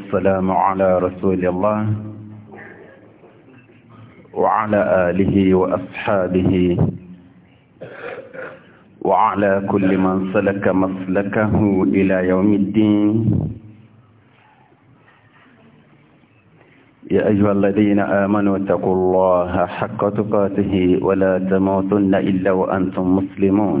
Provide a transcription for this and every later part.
السلام على رسول الله وعلى آله وأصحابه وعلى كل من سلك مسلكه إلى يوم الدين يا أيها الذين آمنوا اتقوا الله حق تقاته ولا تموتن إلا وأنتم مسلمون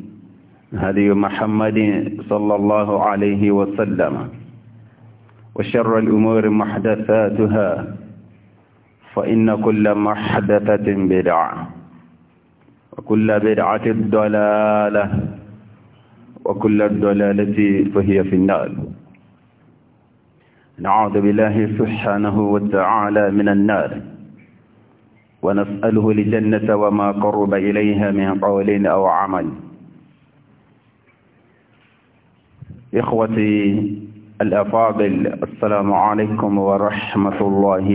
هدي محمد صلى الله عليه وسلم وشر الأمور محدثاتها فإن كل محدثة بدعة وكل بدعة ضلالة وكل الضلالة فهي في النار نعوذ بالله سبحانه وتعالى من النار ونسأله الجنة وما قرب إليها من قول أو عمل إخوتي الأفاضل السلام عليكم ورحمة الله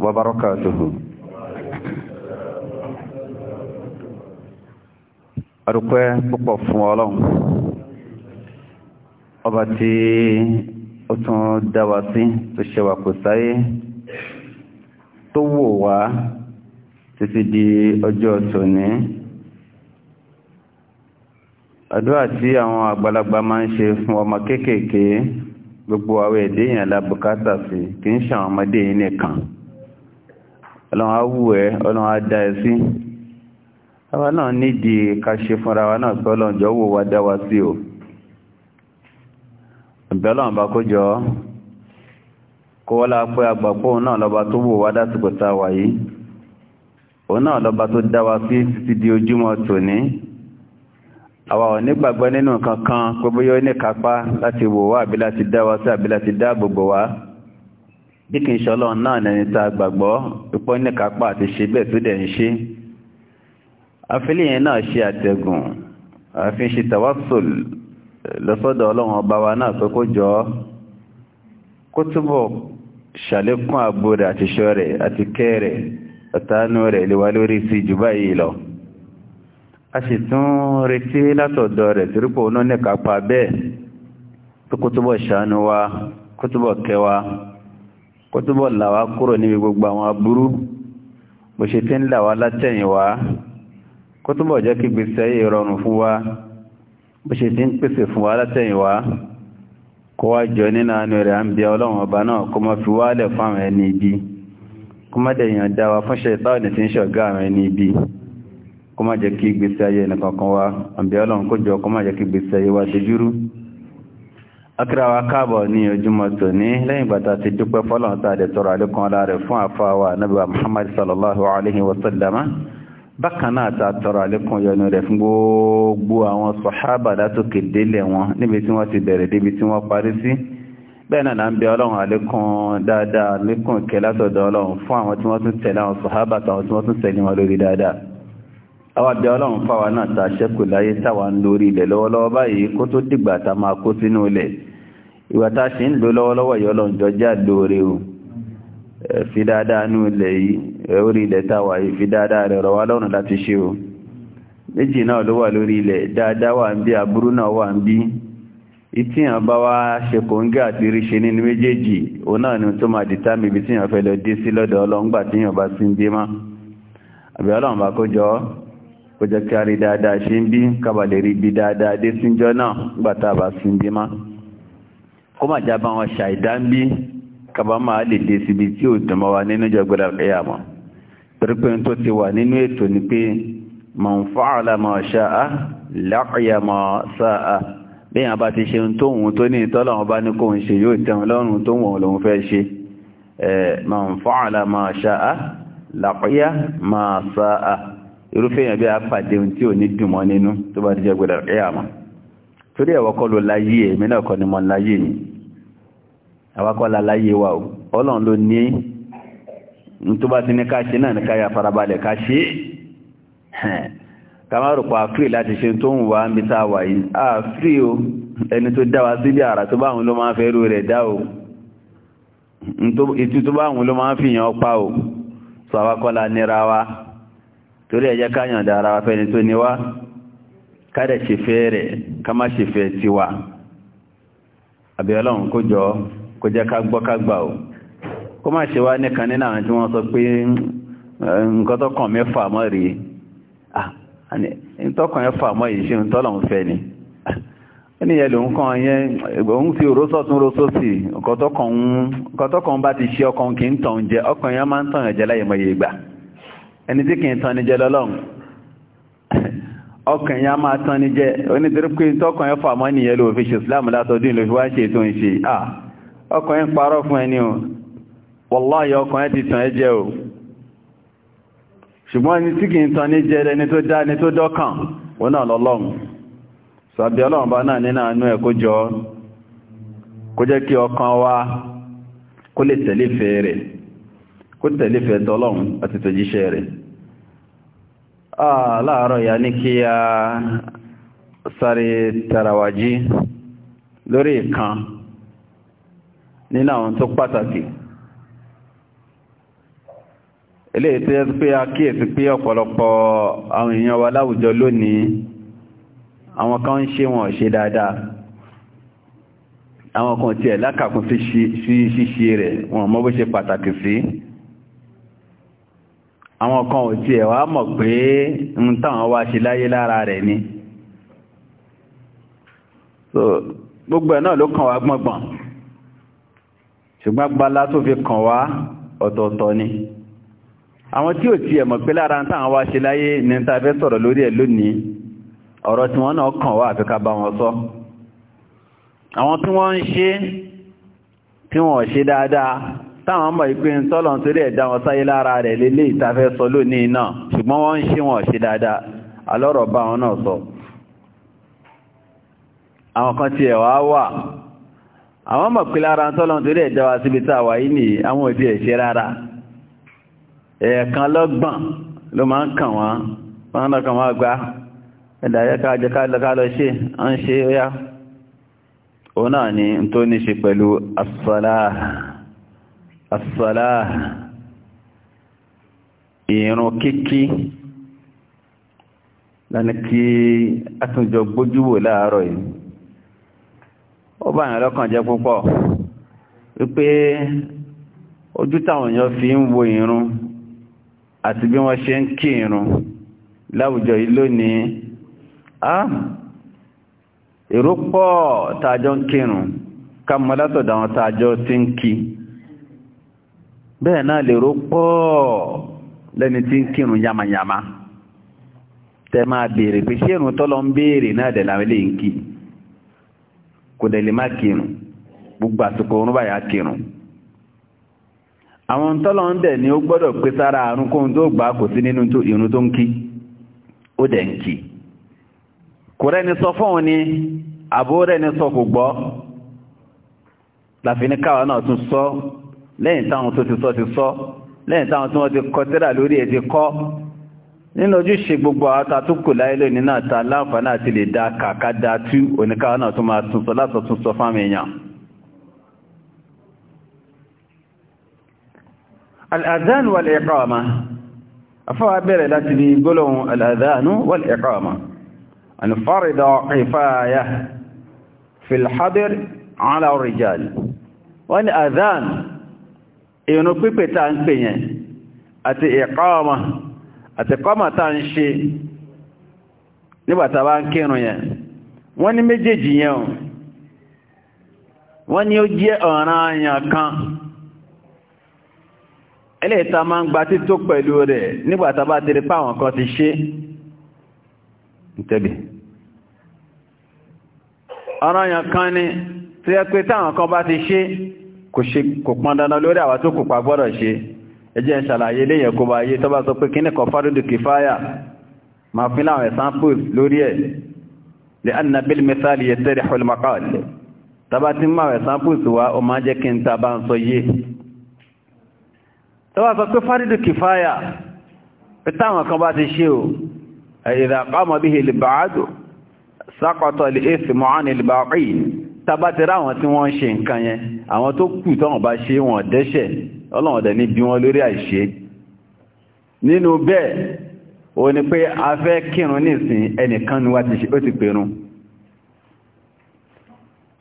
وبركاته Adúpẹ́ púpọ̀ fún Ọlọ́run, ọba tí ó tún dá wa sí tó ṣe wa kò sáyé, tó wò wá títí di ọjọ́ tòní àdúrà tí àwọn àgbàlagbà máa ń ṣe fún ọmọ kéékèèké gbogbo àwọn èdè yẹn la bùkátà sí kì í ṣàwọn ọmọdé yìí nìkan ọlọ́run á wù ẹ́ ọlọ́run á ẹ sí àwa náà nídìí ká ṣe fúnra wa náà pé ọlọ́run jọ wò wá dá wa sí o ìbẹ́ ọlọ́run bá kó kó wọ́n la pé àgbàpọ̀ òun náà lọ́ba tó wò wá dásìkò tá a wà yìí òun náà lọ́ba tó dá wa sí títí di ojúmọ́ tòní àwa ò nígbàgbọ́ nínú kankan pé bóyá ó ní kápá láti wò wá àbí láti dá wa sí àbí láti dáàbò bò wá bí kì í ṣe ọlọ́run náà nẹni tá a gbàgbọ́ pípọ́ ní kápá àti ṣe bẹ́ẹ̀ tó dẹ̀ ń ṣe àfilẹ̀ yẹn náà ṣe àtẹ̀gùn àfi ṣe tàwásùl lọ́sọ́dọ̀ ọlọ́run ọba wa náà pé kó jọ kó túbọ̀ ṣàlékún ààbò àti ṣọ́ rẹ̀ àti kẹ́ rẹ̀ àtàánú rẹ̀ lè wá lórí sí jù báyìí lọ a sì tún retí látọ̀dọ̀ rẹ̀ torípò náà ní kápá bẹ́ẹ̀ tó kó túbọ̀ ṣàánú wa kó túbọ̀ kẹ́ wa kó túbọ̀ là wá kúrò níbi gbogbo àwọn aburú bó ṣe ti ń là wá látẹ̀yìn wá kó túbọ̀ jẹ́ kí gbèsè ayé rọrùn fún wa bó ṣe ti ń pèsè fún wa látẹ̀yìn wá kó wá jọ nínú àánú rẹ̀ à ń bí ọlọ́run ọba náà kó má fi wálẹ̀ fún àwọn ẹni ibi kó má dẹ̀yàn dá wa fún ṣe ìtọ́ Kọma má jẹ́ kí ìgbésí ayé ẹnìkankan wá àbí ọlọ́run kó jọ kó má kí ayé wa káàbọ̀ ní ojúmọ́ tòní lẹ́yìn bàtà ti dúpẹ́ fọ́lọ́run tá a dẹ̀ tọrọ àlékún ọlá rẹ̀ fún àfáwà nábì wa muhammad sallallahu alayhi wa sallama bákan náà tọrọ rẹ̀ fún gbogbo àwọn sọ̀hábà látòkè wọn níbi tí àwọn àbí ọlọ́run fáwa náà ta ṣẹ́kù láyé táwa ń lórí ilẹ̀ lọ́wọ́lọ́wọ́ báyìí kó tó dìgbà tá máa kó sínú ilẹ̀ ìwà tá a ṣe ń lò lọ́wọ́lọ́wọ́ yìí ọlọ́run jọjá lóore o fi dáadáa nú ilẹ̀ yìí orí ilẹ̀ táwa yìí fi dáadáa rẹ̀ rọ̀ wá lọ́rùn láti ṣe o méjì náà ló wà lórí ilẹ̀ dáadáa wà ń bí aburú náà wà ń bí ìtí yàn bá wá ṣe kòńgẹ́ àti ríṣe nínú méjèèjì òun náà ni tó máa dìtámì ibi tí yàn fẹ́ lọ dé sí lọ́dọ̀ ọlọ́ngbà tí yàn bá sí ń dé má àbí ọlọ́run bá kó jọ ọ́ kò jẹ́ kí a rí dáadáa ṣe ń bí kábàlẹ̀ rí bí dáadáa dé síjọ́ náà gbàtà bá sí ń bí má kó má jábá wọn ṣàìdá ń bí kábà máa lè dé síbi tí ò dùn wa nínú ìjọgbọ́dà ẹ̀yà mọ́ torí pé tó ti wà nínú ètò ni pé man fa'ala ma sha'a laqiya ma sa'a béèyàn bá ti ṣe ń tó òun tó ní ìtọ́lọ́run bá ní kó ń ṣe yóò tẹun lọ́rùn tó wọ̀n lòun fẹ́ ṣe man fa'ala ma sha'a laqiya ma sa'a irúfẹ́ yẹn bí a pàdé ohun tí ò ní dùn nínú tó bá jẹ́ gbọ́dọ̀ ẹ̀ torí ẹ̀wọ́ kọ́ ló láyé èmi náà kọ́ ni mo láyé ni àwa kọ́ la láyé wa o ọlọ́run ló ní tó bá ti ní ká ṣe náà ní ká ya farabalẹ̀ ká ṣe ká má rò pa àfíì láti ṣe tó ń wá níbi tá a wà yìí àfíì o ẹni tó dá wa síbi àrà tó bá àwọn ló máa fẹ́ rú rẹ̀ dá o ìtú tó bá àwọn ló máa fi yàn pa o sọ àwa kọ́ la nira wa. torí ẹjẹ́ káyàn dára wa fẹ́ni tó níwá kádẹ̀ ṣe fẹ́ rẹ̀ ká má ṣe fẹ́ tiwa àbí ọlọ́run kó jọ kó jẹ́ ká gbọ́ ká gbà ó kó má ṣe wá nìkan nínú àwọn tí wọ́n sọ pé nǹkan tó mẹ́fà mọ́ rí ìtọ́kàn mẹ́fà mọ́ yìí ṣe ń tọ́lọ̀un fẹ́ ni ó ní ẹlò nǹkan yẹn òun fi òrósọ̀tún rósọ́sì nǹkan tó kàn ń bá ti ṣe ọkàn kì ń tàn jẹ ọkàn yẹn máa ń tàn láyé mọ́ ẹni tí kìí tán jẹ lọ́lọ́run ọkàn ya máa tán ní jẹ onítorí pé tọ́kàn ẹ fàmọ́ nìyẹn ló fi ṣe islam látọdún ló fi wá ṣe tó ń ṣe à ọkàn parọ́ fún ẹni o wàláhì ọkàn ẹ ti tàn ẹ jẹ o ṣùgbọ́n ẹni tí kìí tán ní jẹ ẹni tó dá ẹni tó dọ́kàn òun náà lọ́lọ́run kó tẹ̀lé fẹ́ tọ́lọ́run àti tòjíṣẹ́ rẹ̀ láàárọ̀ ya ní kí a sáré tarawají lórí ìkan nínú àwọn tó pàtàkì ilé tí ẹ pé a kíyèsí pé ọ̀pọ̀lọpọ̀ àwọn èèyàn wa láwùjọ lónìí àwọn kan ń ṣe wọn ṣe dáadáa àwọn kan tiẹ̀ lákàkún sí ṣíṣe rẹ̀ wọn mọ́ bó ṣe pàtàkì sí si àwọn kan ò tiẹ̀ wá mọ̀ pé ń táwọn wá ṣe láyé lára rẹ̀ ni gbogbo ẹ̀ náà ló kàn wá gbọ́ngbọ̀n ṣùgbọ́n gbala tó fi kàn wá ọ̀tọ̀ọ̀tọ̀ ni àwọn tí ò tiẹ̀ mọ̀ pé lára ń táwọn wá ṣe láyé ní ta fẹ́ sọ̀rọ̀ lórí ẹ̀ lónìí ọ̀rọ̀ tí wọ́n náà kàn wá àfi ká bá wọn sọ àwọn tí wọ́n ń ṣe tí wọ́n ṣe dáadáa táwọn ọmọ ìpín tọ́lọ̀ torí ẹ̀dá wọn sáyé lára rẹ̀ lélé ìtafẹ́ sọ lónìí náà ṣùgbọ́n wọ́n ń ṣe wọ́n ṣe dáadáa alọ́rọ̀ bá wọn náà sọ àwọn kan ti ẹ̀wà wà àwọn ọmọ pín lára tọ́lọ̀ torí ẹ̀dá wa síbi tá wà yìí nìyí àwọn òdí ẹ̀ṣẹ́ rárá ẹ̀ẹ̀kan lọ́gbọ̀n ló máa ń kàn wọ́n wọ́n náà kàn wọ́n gbá ẹ̀dà Asụsụ ala kíkí lẹ́ni a tún gbójúwò láàárọ̀ yìí ó bá ìrìn púpọ̀ wípé fi n wo ìrun ati bi wọ́n se n kí ìrun láwùjọ yìí lónìí á èrò pọ̀ tààjọ ń ka mọ́ ti bẹ́ẹ̀ náà lèrò pọ̀ lẹ́ni tí ń kírun yamayama tẹ́ máa béèrè pé ṣé ìrùn tọ́lọ ń béèrè náà dẹ̀ láwọn ilé ń kí kò dẹ̀ lè má kírun gbogbo àsìkò orun báyà kírun àwọn tọ́lọ ń dẹ̀ ni ó gbọ́dọ̀ pé sára àrùn kóhun tó gbà kò sí nínú ìrùn tó ń kí ó dẹ̀ ń kí kò rẹ́ni sọ fóun ni àbó rẹ́ni sọ kò gbọ́ láfi káwa náà tún sọ lẹ́yìn táwọn tó ti sọ ti sọ lẹ́yìn táwọn tí wọ́n ti kọ tírà lórí ẹ̀ ti kọ́ nínú ojúṣe gbogbo àwátà tó kù láyé láǹfààní àti lè dá kàkà dá tú oníkáwà tó máa túnsọ látọ̀ túnsọ fáwọn èèyàn al'adhan wal iqama ìrun pípè tá ń pè yẹn àti ìkọ́ọ̀mà àti kọ́mà ń ṣe nígbàtà ń yẹn wọ́n ni méjèèjì yẹn wọ́n ni ó jẹ́ ọ̀ràn àyàn kan ẹlẹ́ta máa ń gba tító pẹ̀lú rẹ̀ nígbàtà bá ti ti ṣe ìtẹ́bì kan ni tí kò pọn dandan lórí àwa tó kù pa gbọ́dọ̀ ṣe ẹjẹ́ ń ṣàlàyé léyìn kó bá yé tó bá sọ pé kíní kan fárúdù kìfáyà máa fi láwọn examples lórí ẹ̀ lè anna bil mithali yattadihu al maqal tàbá tí máa examples wá o máa jẹ́ tabatẹ́rẹ́ àwọn tí wọ́n ń ṣe nǹkan yẹn àwọn tó kù tọ́wọ́n bá ṣe wọ́n dẹ́ṣẹ̀ ọlọ́wọ́n dẹ̀ ní bí wọ́n lórí àìṣe nínú bẹ́ẹ̀ o ní pé a fẹ́ kírun nísìn ẹnìkan ni wá ti ṣe ó ti pèrún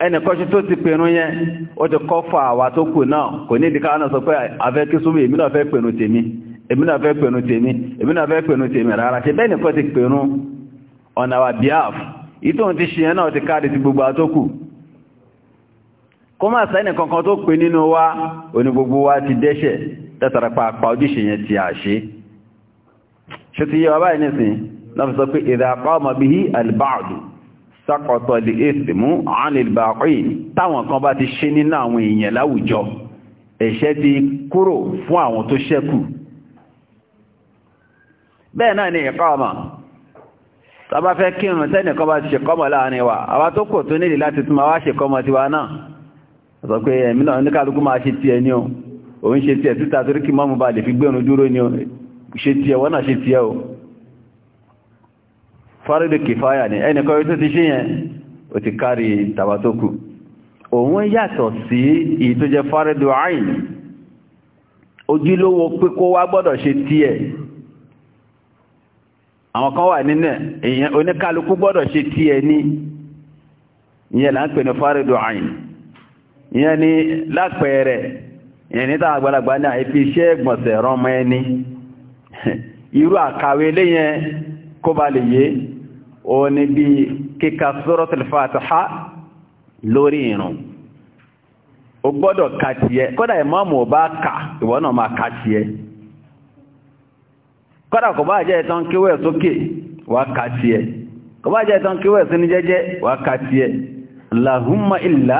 ẹnìkọ́ṣù tó ti pèrún yẹn ó ti kọ́ fà àwà tó kù náà kò ní ìdíkà náà sọ pé a fẹ́ kí súnmù èmi náà fẹ́ pèrún tèmi èmi náà fẹ́ pèrún tèmi èmi náà fẹ́ pèrún tèmi rárá ṣe bẹ́ẹ̀ nìkan ti pèrún ọ̀nà àwà bíáf ìtòun ti ṣe yẹn náà ti káàdì ti gbogbo àtókù kó máa sẹ́nì kankan tó pè nínú wa oní gbogbo wa ti dẹ́ṣẹ̀ tẹ́tàrà pa àpá ojúṣe yẹn ti àṣe ṣe ti yẹ wa báyìí nìsìn náà fi sọ pé idha qama bihi al-ba'd saqata bá ni ìkọ́ọ̀mà tàbá fẹ́ kírùn tẹ́nìkan bá ti ṣe kọ́mọ̀ láàrin wa àwa tó kò tó nílì láti túnmọ̀ wá ṣe kọ́mọ̀ tiwa náà sọ pé ẹ̀mí náà oníkàlùkù máa ṣe tiẹ̀ ní o òun ṣe tiẹ̀ títà torí kí mọ́mù bá lè fi gbẹ̀rún dúró ní o ṣe tiẹ̀ wọ́n náà ṣe tiẹ̀ o fárídò kìfáyà ni ẹnìkan yóò tó ti ṣe yẹn ó ti kárí tàbátókù òun yàtọ̀ sí èyí tó jẹ fárídò àìn ojúlówó pé ìyẹn ni lápẹẹrẹ ìyẹn ní táwọn àgbàlagbà ní àìfi iṣẹ́ ìgbọ̀nsẹ̀ rọmọ ẹni irú àkàwé léyẹn kó ba lè yé o ní bí kíka Suratul Fatiha lórí ìrun o gbọ́dọ̀ ka tiẹ̀ kódà ìmáàmù ò bá kà ìwọ náà máa ka tiẹ̀ kódà kò bá jẹ́ ìtàn kíwẹ̀ sókè wà ka tiẹ̀ kò bá jẹ́ ìtàn kíwẹ̀ sínú jẹ́jẹ́ wà ka tiẹ̀ lahumma illa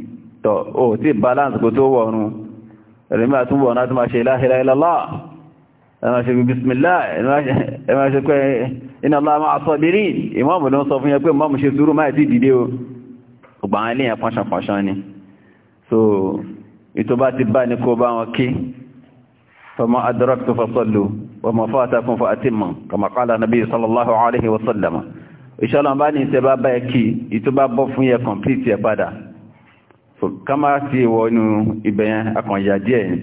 tọ̀ ó tí balance kò tó wọ̀run ẹ̀rẹ̀mí àtúnwọ̀ náà tó máa ṣe láhìlá ìlàlá ẹ̀mà ṣe bismillah ẹ̀mà ṣe pé iná láàmà àṣọ́bìrí ìmọ́mù ló ń sọ fún yẹ pé mọ́mù ṣe sùúrù máa ti dìde o ọgbà àwọn ilé yẹn pọ́nṣanpọ́nṣan ni so ìtò bá ti bá ní kó bá wọn kí fama adraktu fasallu wa ma fatakum fa atimmu kama qala nabi sallallahu alaihi wa sallam inshallah bá ní ṣe bá bá ẹ kí ìtò bá bọ́ fún yẹ complete yẹ padà so ká máa sí ìwọ̀nú ibẹ̀yẹn akànyà díẹ̀ ni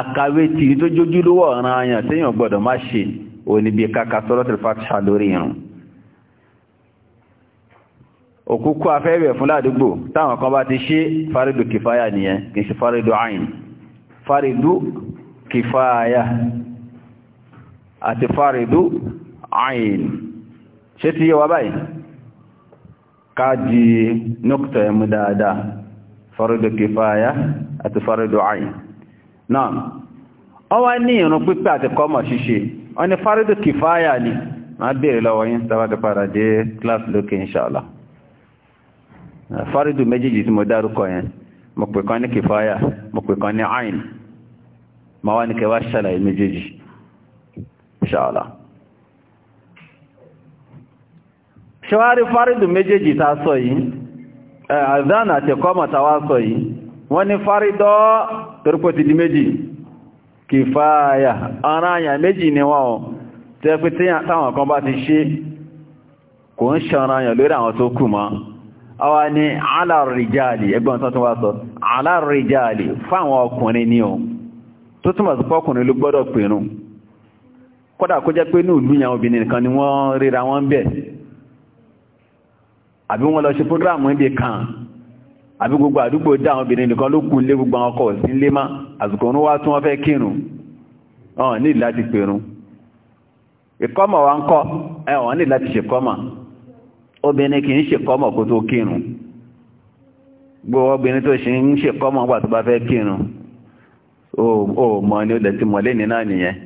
àkàwé tí tó jójú lówó ọ̀ràn àyàn téèyàn gbọ́dọ̀ má ṣe òní bí káka sọ́rọ́tìlì fatiha lórí irun òkúkú afẹ́bẹ̀ fún ládùúgbò táwọn kan bá ti ṣe fárídù kìfáyà nìyẹn kì í ṣe fárídù àìn fárídù kìfáyà àti fárídù àìn ṣé ti yé wa báyìí ká di nọ́kùtà ẹ̀mú dáadáa fardu kifaya àti fardu ayin náà wọ́n wá ní ìrun pípẹ́ àti kọ́mọ̀ ṣíṣe wọ́n ni fardu kifaya ni máa bèèrè lọ́wọ́ yín tàbátí padà dé kíláàsì lókè inṣàlá fardu méjèèjì tí mo dárúkọ yẹn mo pè kan ní kifaya mo pè kan ní ayin ma wá ní kẹwàá ṣàlàyé méjèèjì inṣàlá ṣọwárí fardu méjèèjì tá a sọ yìí àdán àti ẹ̀kọ́ tàwa sọ yìí wọ́n ní fárídọ́ torípò ti di méjì kìfáyà ara àyà méjì ni wọ́n tẹ́ pé tí àwọn kan bá ti ṣe kò ń ṣanra àyà lórí àwọn tó kù mọ́ àwa ni alárìjáàlì ẹgbọ́n tó tún wá sọ alárìjáàlì fáwọn ọkùnrin ni o tó túnmọ̀ sí pọ́kùnrin ló gbọ́dọ̀ pèrún kódà kó jẹ́ pé ní ìlú yàn obìnrin nìkan ni wọ́n ríra wọ́n àbí wọ́n lọ ṣe programu ibi kan àbí gbogbo àdúgbò dá àwọn obìnrin nìkan ló kú lé gbogbo àwọn ọkọ̀ sí lé má àsìkò òun wá tún wọ́n fẹ́ kírun ọ̀n ní láti pèrún ìkọ́mọ̀ wa ń kọ́ ẹ̀wọ̀n ní láti ṣèkọ́mọ̀ obìnrin kì í ṣèkọ́mọ̀ kó tó kírun gbogbo obìnrin tó ṣe ń ṣèkọ́mọ̀ wà tó bá fẹ́ kírun ó mọ̀ ní ó dẹ̀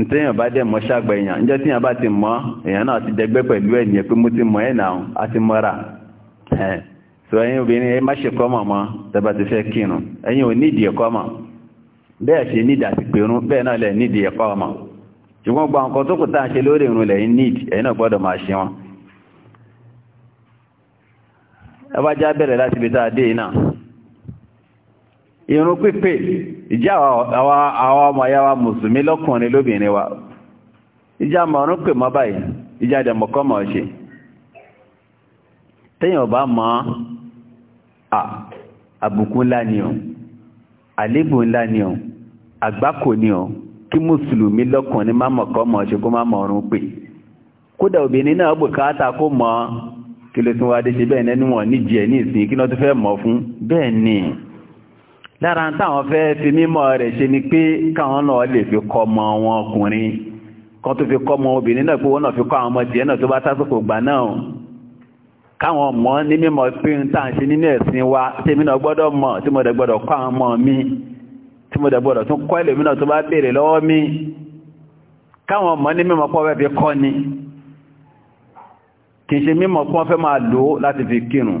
ntẹ́yàn bá dẹ̀ mọ́ ṣàgbà èèyàn tí bá ti mọ èèyàn náà ti dẹgbẹ́ pẹ̀lú ẹ̀yìn pé mo ti mọ̀ ẹ̀ náà a ti mọ́ra so ẹ̀yin obìnrin ẹ má ṣe kọ́mọ̀ mọ́ tẹ́bà ti fẹ kírun ẹ̀yin ò nídìí ẹ̀kọ́ mọ̀ ṣe nídìí àti náà nídìí nǹkan tó kù tá à ń ṣe lórí irun nídìí náà máa ṣe wọn. ẹ já láti ibi irun pípè ìjà àwọn ọmọ ya wa mùsùlùmí lọ́kùnrin lóbìnrin wa ìjà mọ̀rún pè mọ́ báyìí ìjà dẹ̀mọ̀kọ́ mọ̀ ṣe tẹ́yìn ọba mọ́ àbùkù ńlá ni o àlébù ńlá ni o àgbákò ni o kí mùsùlùmí lọ́kùnrin má mọ̀kọ́ mọ̀ ṣe kó má mọ̀rún pè kódà obìnrin náà bùkátà kó mọ̀ kí ló tún wá dé ṣe bẹ́ẹ̀ nínú wọn níjẹ̀ ní ìsìn kí ló tún fẹ́ mọ̀ fún bẹ́ẹ̀ ni lára táwọn fẹ́ fi mímọ̀ rẹ̀ ṣe ni pé káwọn náà lè fi kọ́ ọmọ wọn ọkùnrin kan tó fi kọ́ ọmọ obìnrin náà pé wọ́n náà fi kọ́ àwọn ọmọ tiẹ̀ náà tó bá tásìkò gbà náà káwọn mọ̀ ní mímọ̀ pé ń tà ń ṣe nínú ẹ̀sìn wa tèmi náà gbọ́dọ̀ mọ̀ tí mo dẹ̀ gbọ́dọ̀ kọ́ àwọn ọmọ mi tí mo dẹ̀ gbọ́dọ̀ tún kọ́ ẹlòmí náà tó bá béèrè lọ́wọ́ mi káwọn mọ̀ ní mímọ̀ pọ́ fẹ́ fi kọ́ ni kì í ṣe mímọ̀ pọ́ fẹ́ máa lò láti fi kírun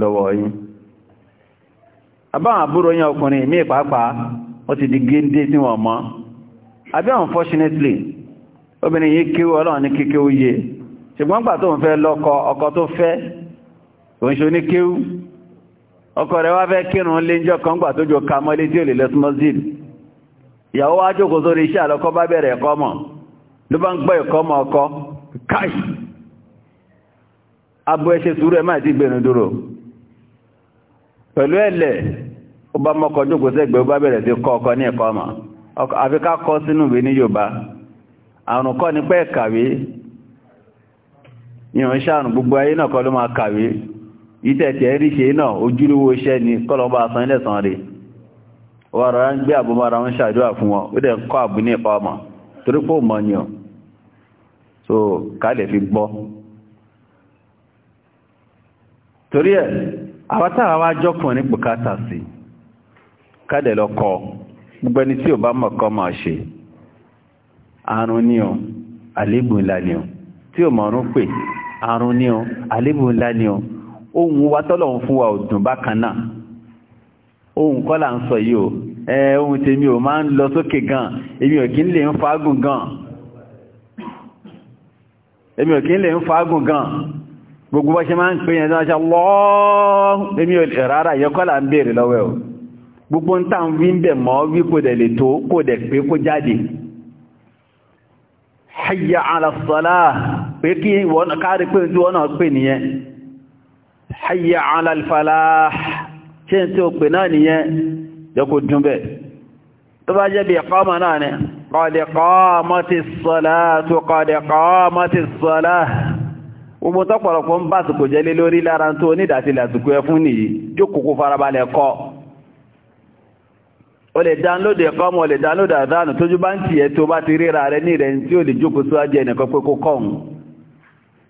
lọ́wọ́ yín àbáwọn àbúrò yẹn ọkùnrin mí pàápàá wọ́n ti di géńdé tí wọ́n mọ̀ àbí unfortunately obìnrin yìí kíwọ́ ọlọ́run ní kíkéwú yé ṣùgbọ́n gbà tó ń fẹ́ lọ́kọ ọkọ tó fẹ́ òun ṣe oníkéwú ọkọ rẹ̀ wá fẹ́ kírun léńjọ́ kan gbà tó jọ ka mọ́lé tí ò lè abo ẹṣẹ́ sùúrù ẹ̀ máa dúró pẹ̀lú ẹ̀lẹ̀ ó bá mọ́kọ jókòó sẹ́gbẹ̀ẹ́ ó bá bẹ̀rẹ̀ sí kọ́ ọkọ ní ẹ̀kọ́ ọmọ àfi kọ́ sínú ìwé ní Yorùbá àrùn kọ́ ni pé kàwé yìnyín ṣàrùn gbogbo ayé náà kọ́ ló máa kàwé ìtẹ̀tẹ̀ rí ṣe náà ojúlówó iṣẹ́ ni kọ́lọ̀bá san ilẹ̀ san rẹ̀ wà rọra ń gbé so ká lè torí ẹ̀ àwátàwà wá jọ́kùn ní bùkátà sí kádẹ̀ lọ́kọ́ gbogbo ẹni tí ò bá mọ̀kọ́ máa ṣe àrùn ní o àlébù ńlá ni o tí ò mọ̀rún pè àrùn ní o àlébù ńlá ni o ohun wa tọ́lọ̀ ń fún wa ò dùn bákan náà ohun kọ́ là ń sọ yìí o ẹ ohun tèmi ò máa ń lọ sókè gan èmi ò kí ń lè ń fagùn gan èmi ò kí ń lè ń fagùn gan gbogbo bọ́ ṣe máa ń pè yẹn tó ṣe lọ́ọ́ èmi ò rárá yẹkọ́lá ń bèèrè lọ́wọ́ ẹ̀ gbogbo ń tàn wí ń bẹ̀ mọ́ wí kò dẹ̀ lè tó kò dẹ̀ pé kó jáde hayya ala salah pé kí wọ́n kárí pé tí wọ́n pè nìyẹn hayya ala ṣe tí ó pè náà nìyẹn yẹ kó dún bẹ́ẹ̀ tó bá jẹ́ bí ẹ̀kọ́mọ náà ni qad qamatis salatu qad qamatis salah gbogbo tọ́pọ̀lọpọ̀ ń bá àsìkò jẹ́lé lórí lára tó onídàásílẹ̀ àsìkò ẹ fún nìyí jókòó farabalẹ̀ kọ́ o lè dánlódì ẹ̀kọ́ ọmọ o lè dánlódì àdánù tójú bá ń tìyẹ tó bá ti ríra rẹ ní rẹ̀ tí o lè jókòó síwájú ẹnìkan pé kó kọ́hùn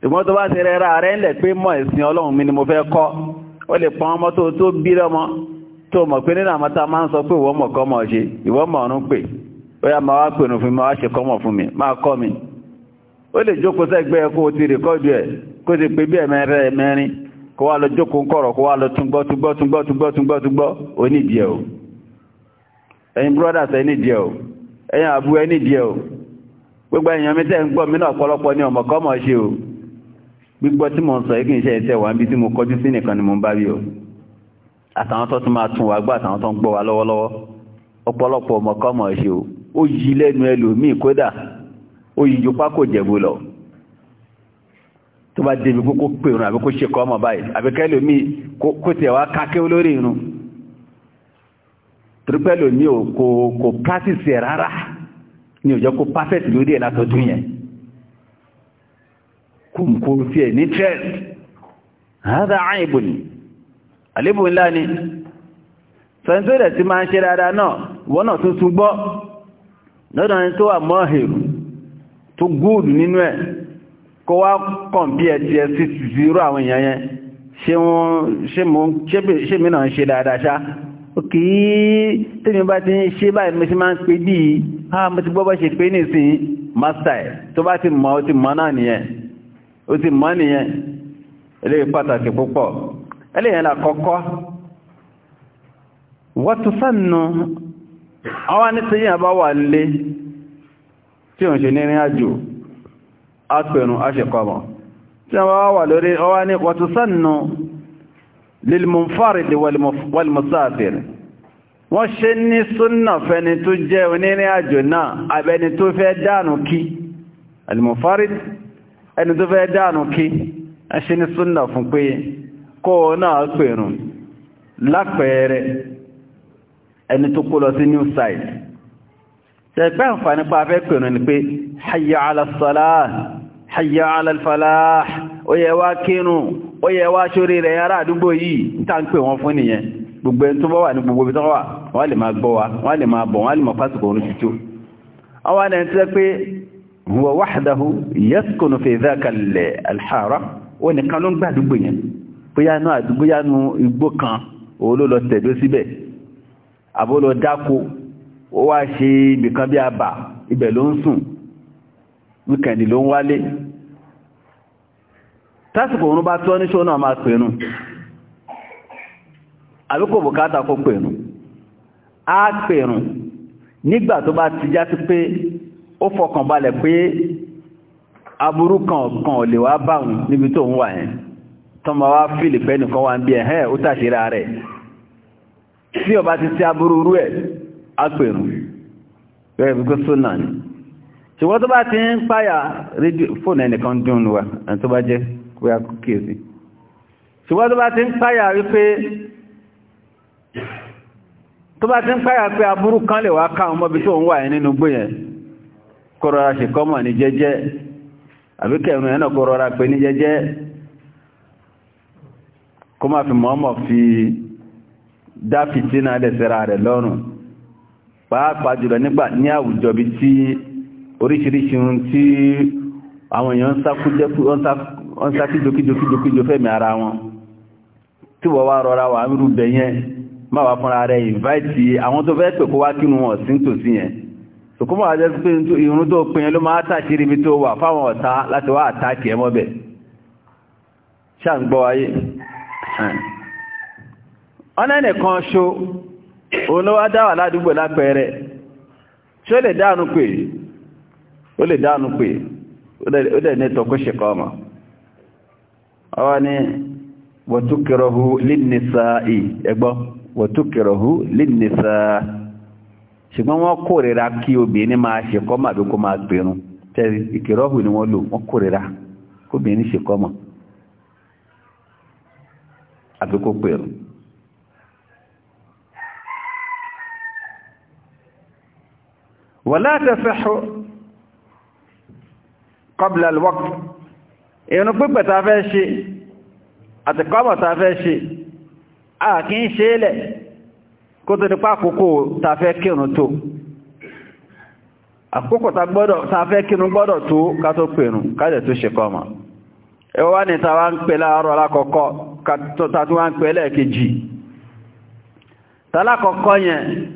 ṣùgbọ́n tó bá ti rẹ́ra rẹ ń lẹ̀ pé mọ̀ ẹ̀sìn ọlọ́run mi ni mo fẹ́ kọ́ o lè pọn ọmọ tó tó bí lọ́mọ tó mọ̀ pé nínú àmọ́ta máa ń sọ pé ìwọ́mọ̀ kọ́mọ̀ ṣe ìwọ́mọ̀ ọ̀run pé ó yá máa wá pè fún mi máa wá ṣe kọ́mọ̀ fún mi máa kọ́ mi ó lè jókòó sẹ́gbẹ́ ẹ̀kọ́ ti rìkọ́dù ẹ̀ kó ti pé bí ẹ̀mẹ́rẹ́ mẹ́rin kó wá lọ jókòó ń kọ̀rọ̀ kó wá lọ túngbọ́ túngbọ́ túngbọ́ túngbọ́ túngbọ́ túngbọ́ onídìí ẹ̀ o ẹ̀yin brothers ẹnídìí ẹ̀ o ẹ̀yin àbú ẹnídìí ẹ̀ o gbogbo ẹ̀yàn mi tẹ́ ń gbọ́ mi náà pọ̀lọpọ̀ ní ọmọ kọ́mọ̀ ṣe o gbígbọ́ tí mo ń sọ yìí kì í ṣe ẹ̀tẹ́ wà níbi tí mo kọjú sí nìkan ni mo ń bá rí o àtàwọn tó tún máa tún wá gbọ́ àtàwọn tó ń gbọ́ wa lọ́wọ́lọ́wọ́ ọ̀pọ̀lọpọ̀ ọmọ ṣe o ó yí lẹ́nu ẹlòmíì kódà oyinjo pákó jẹ̀bú lọ tó bá débi kó pè irun àbí ṣe kọ́ ọmọ báyìí àbí kẹ́lò kó tẹ̀ wá kákẹ́ olórí irun torípẹ́lò ní o kò kò practice ẹ̀ rárá ní òjò kó perfect lórí ẹ̀ látọ̀dún yẹn kò kò fi ẹ̀ ní trend hádà ni àlébò ńlá ni sọ̀ńtò rẹ̀ ti máa ń ṣe dáadáa náà wọ́n náà tuntun gbọ́ lọ́dọ̀ ẹni tó wà mọ́ èrò tó góòdù nínú ẹ̀ kó wá kàn bí ẹ ti ẹ sí zero àwọn èèyàn yẹn ṣé mi náà ń ṣe dáadáa ṣá òkè tẹ́mi bá ti ń ṣe báyìí mo máa ń pè bí i ah, ha mo ti gbọ́ bá ṣe pé nìsín mástà ẹ̀ tó bá ti mọ̀ ó ti mọ̀ náà nìyẹn ó ti mọ̀ nìyẹn eléyìí pàtàkì púpọ̀ eléyìí là kọ́kọ́ wọ́n tún sánú àwọn anítẹ́yìn àbáwà lé tí ó ń ṣe nírin àjò ápẹ̀rù aṣẹ̀kọmọ̀ tí wọ́n wà lórí ọwá ní wàtúsánù lilmunfarid walmusafir wọ́n ṣe ní súnnà fẹni tó jẹ́ onírin àjò náà abẹni tó fẹ́ dánù kí almunfarid ẹni tó fẹ́ dánù kí a ṣe ní súnnà fún pé kó náà pẹ̀rù lápẹẹrẹ ẹni tó kó lọ sí new site tẹ̀gbẹ́ àǹfààní pa afẹ́ pẹ̀rún ni pé hayya ala salah hayya ala falah ó yẹ wá kírun ó yẹ wá ṣorí rẹ̀ ará àdúgbò yìí tá ń pè wọ́n fún nìyẹn gbogbo ẹni tó bá wà ní gbogbo ibi tó wà wọ́n lè máa bọ̀ wọ́n lè máa pásìkò òun ó wá ṣe ibìkan bí abà ibẹ̀ ló ń sùn wíkẹ̀ndì ló ń wálé tásìkò òun bá tọ́ ní ṣó náà máa pẹ̀nù àbíkò bùkátà kó pẹ̀nù á pẹ̀nù nígbà tó bá ti já sí pé ó fọkàn balẹ̀ pé aburú kan kan lè wá báhùn níbi tó ń wà yẹn tọ́mọ wá fìlìpẹ́ nìkan wá ń bí ẹ̀hẹ́ ó tàṣírà rẹ̀ tí ó ti sí aburú rú ẹ̀ apẹ̀rùn rẹ̀ tó bá ti ń páyà fóònù ẹnìkan dùn wa ẹni tó bá jẹ́ a kíyèsí ṣùgbọ́n tó bá ti ń páyà wípé tó bá ti ń páyà pé aburú kan lè wá káwọn tó ń wà nínú gbé yẹn ní jẹ́jẹ́ àbí kẹrùn pé ní jẹ́jẹ́ kó má fi fi dá fìtínà lẹ́sẹ̀ra rẹ̀ lọ́rùn pàápàá jùlọ nígbà ní àwùjọ bí tí oríṣiríṣi ohun tí àwọn èèyàn ń sá kíjokíjokíjokíjo fẹ́mi ara wọn tí wọ́n wá rọra wà ń rúbẹ̀ yẹn má wá fúnra rẹ̀ ìváìtì àwọn tó fẹ́ pè kó wá kínú wọn sí tòsí yẹn sòkúnmọ̀ àjẹ́ pé irun tó pin ló máa tàṣírí ibi tó wà fáwọn ọ̀tá láti wá àtàkì ẹmọ́ bẹ̀ ṣáà ọ̀nà ẹnìkan ṣo olówá dáwà ládúgbò lápẹẹrẹ tí ó lè dánu pé ó lè dánu pé ó dẹ̀ ní tọkó ṣe ọwá ní wọ̀túkẹrọhú línnísà ì ẹgbọ́ wọ̀túkẹrọhú línnísà ṣùgbọ́n wọ́n kórìíra kí obìnrin máa ṣe kọ́ màbí kó máa gbẹ̀rún tẹ́rí ìkẹrọhù ni wọ́n lò wọ́n ṣe àbí kó ولا تصح قبل الوقت ìrun pípẹ̀ ta fẹ́ ṣe àti kọ́mọ̀ ta fẹ́ ṣe a kì í ṣe lẹ̀ kó tó nípa àkókò ta fẹ́ kírun tó àkókò ta fẹ́ kírun gbọ́dọ̀ tó ká tó pèrún kájẹ̀ tó ṣe kọ́mọ̀ ẹwọ́ wá ní ta wá ń pè láàárọ̀ alákọ̀ọ́kọ́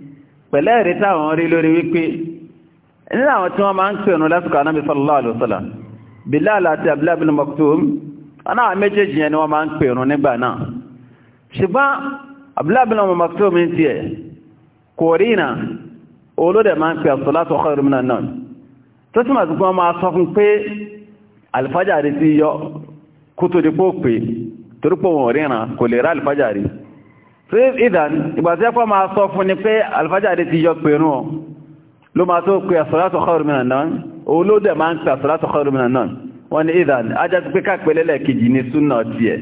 pẹ̀lẹ́ ẹ̀rí táwọn rí lórí wípé nínú àwọn tí wọ́n máa ń pè ní lásìkò anábi sallallahu alaihi Bilal àti Abdullah bin Maktum méjèèjì yẹn ni wọ́n máa ń pè ní nígbà náà ṣùgbọ́n Abdullah bin Maktum ń tiẹ̀ kò rí iná olóde máa ń pè as-salatu khairun minan nawm tó túnmọ̀ sí pé so ìdán ìgbà tí ẹ̀fọ́ máa sọ fún ni pé alfajade ti yọ pẹ̀rún ọ ló máa tó pé as-salatu khairu minan nawm òun ló dẹ̀ máa ń pè as-salatu khairu minan wọ́n ni ìdán ajá ti pé kápẹ́lẹ́lẹ̀ kejì ní súnà tiẹ̀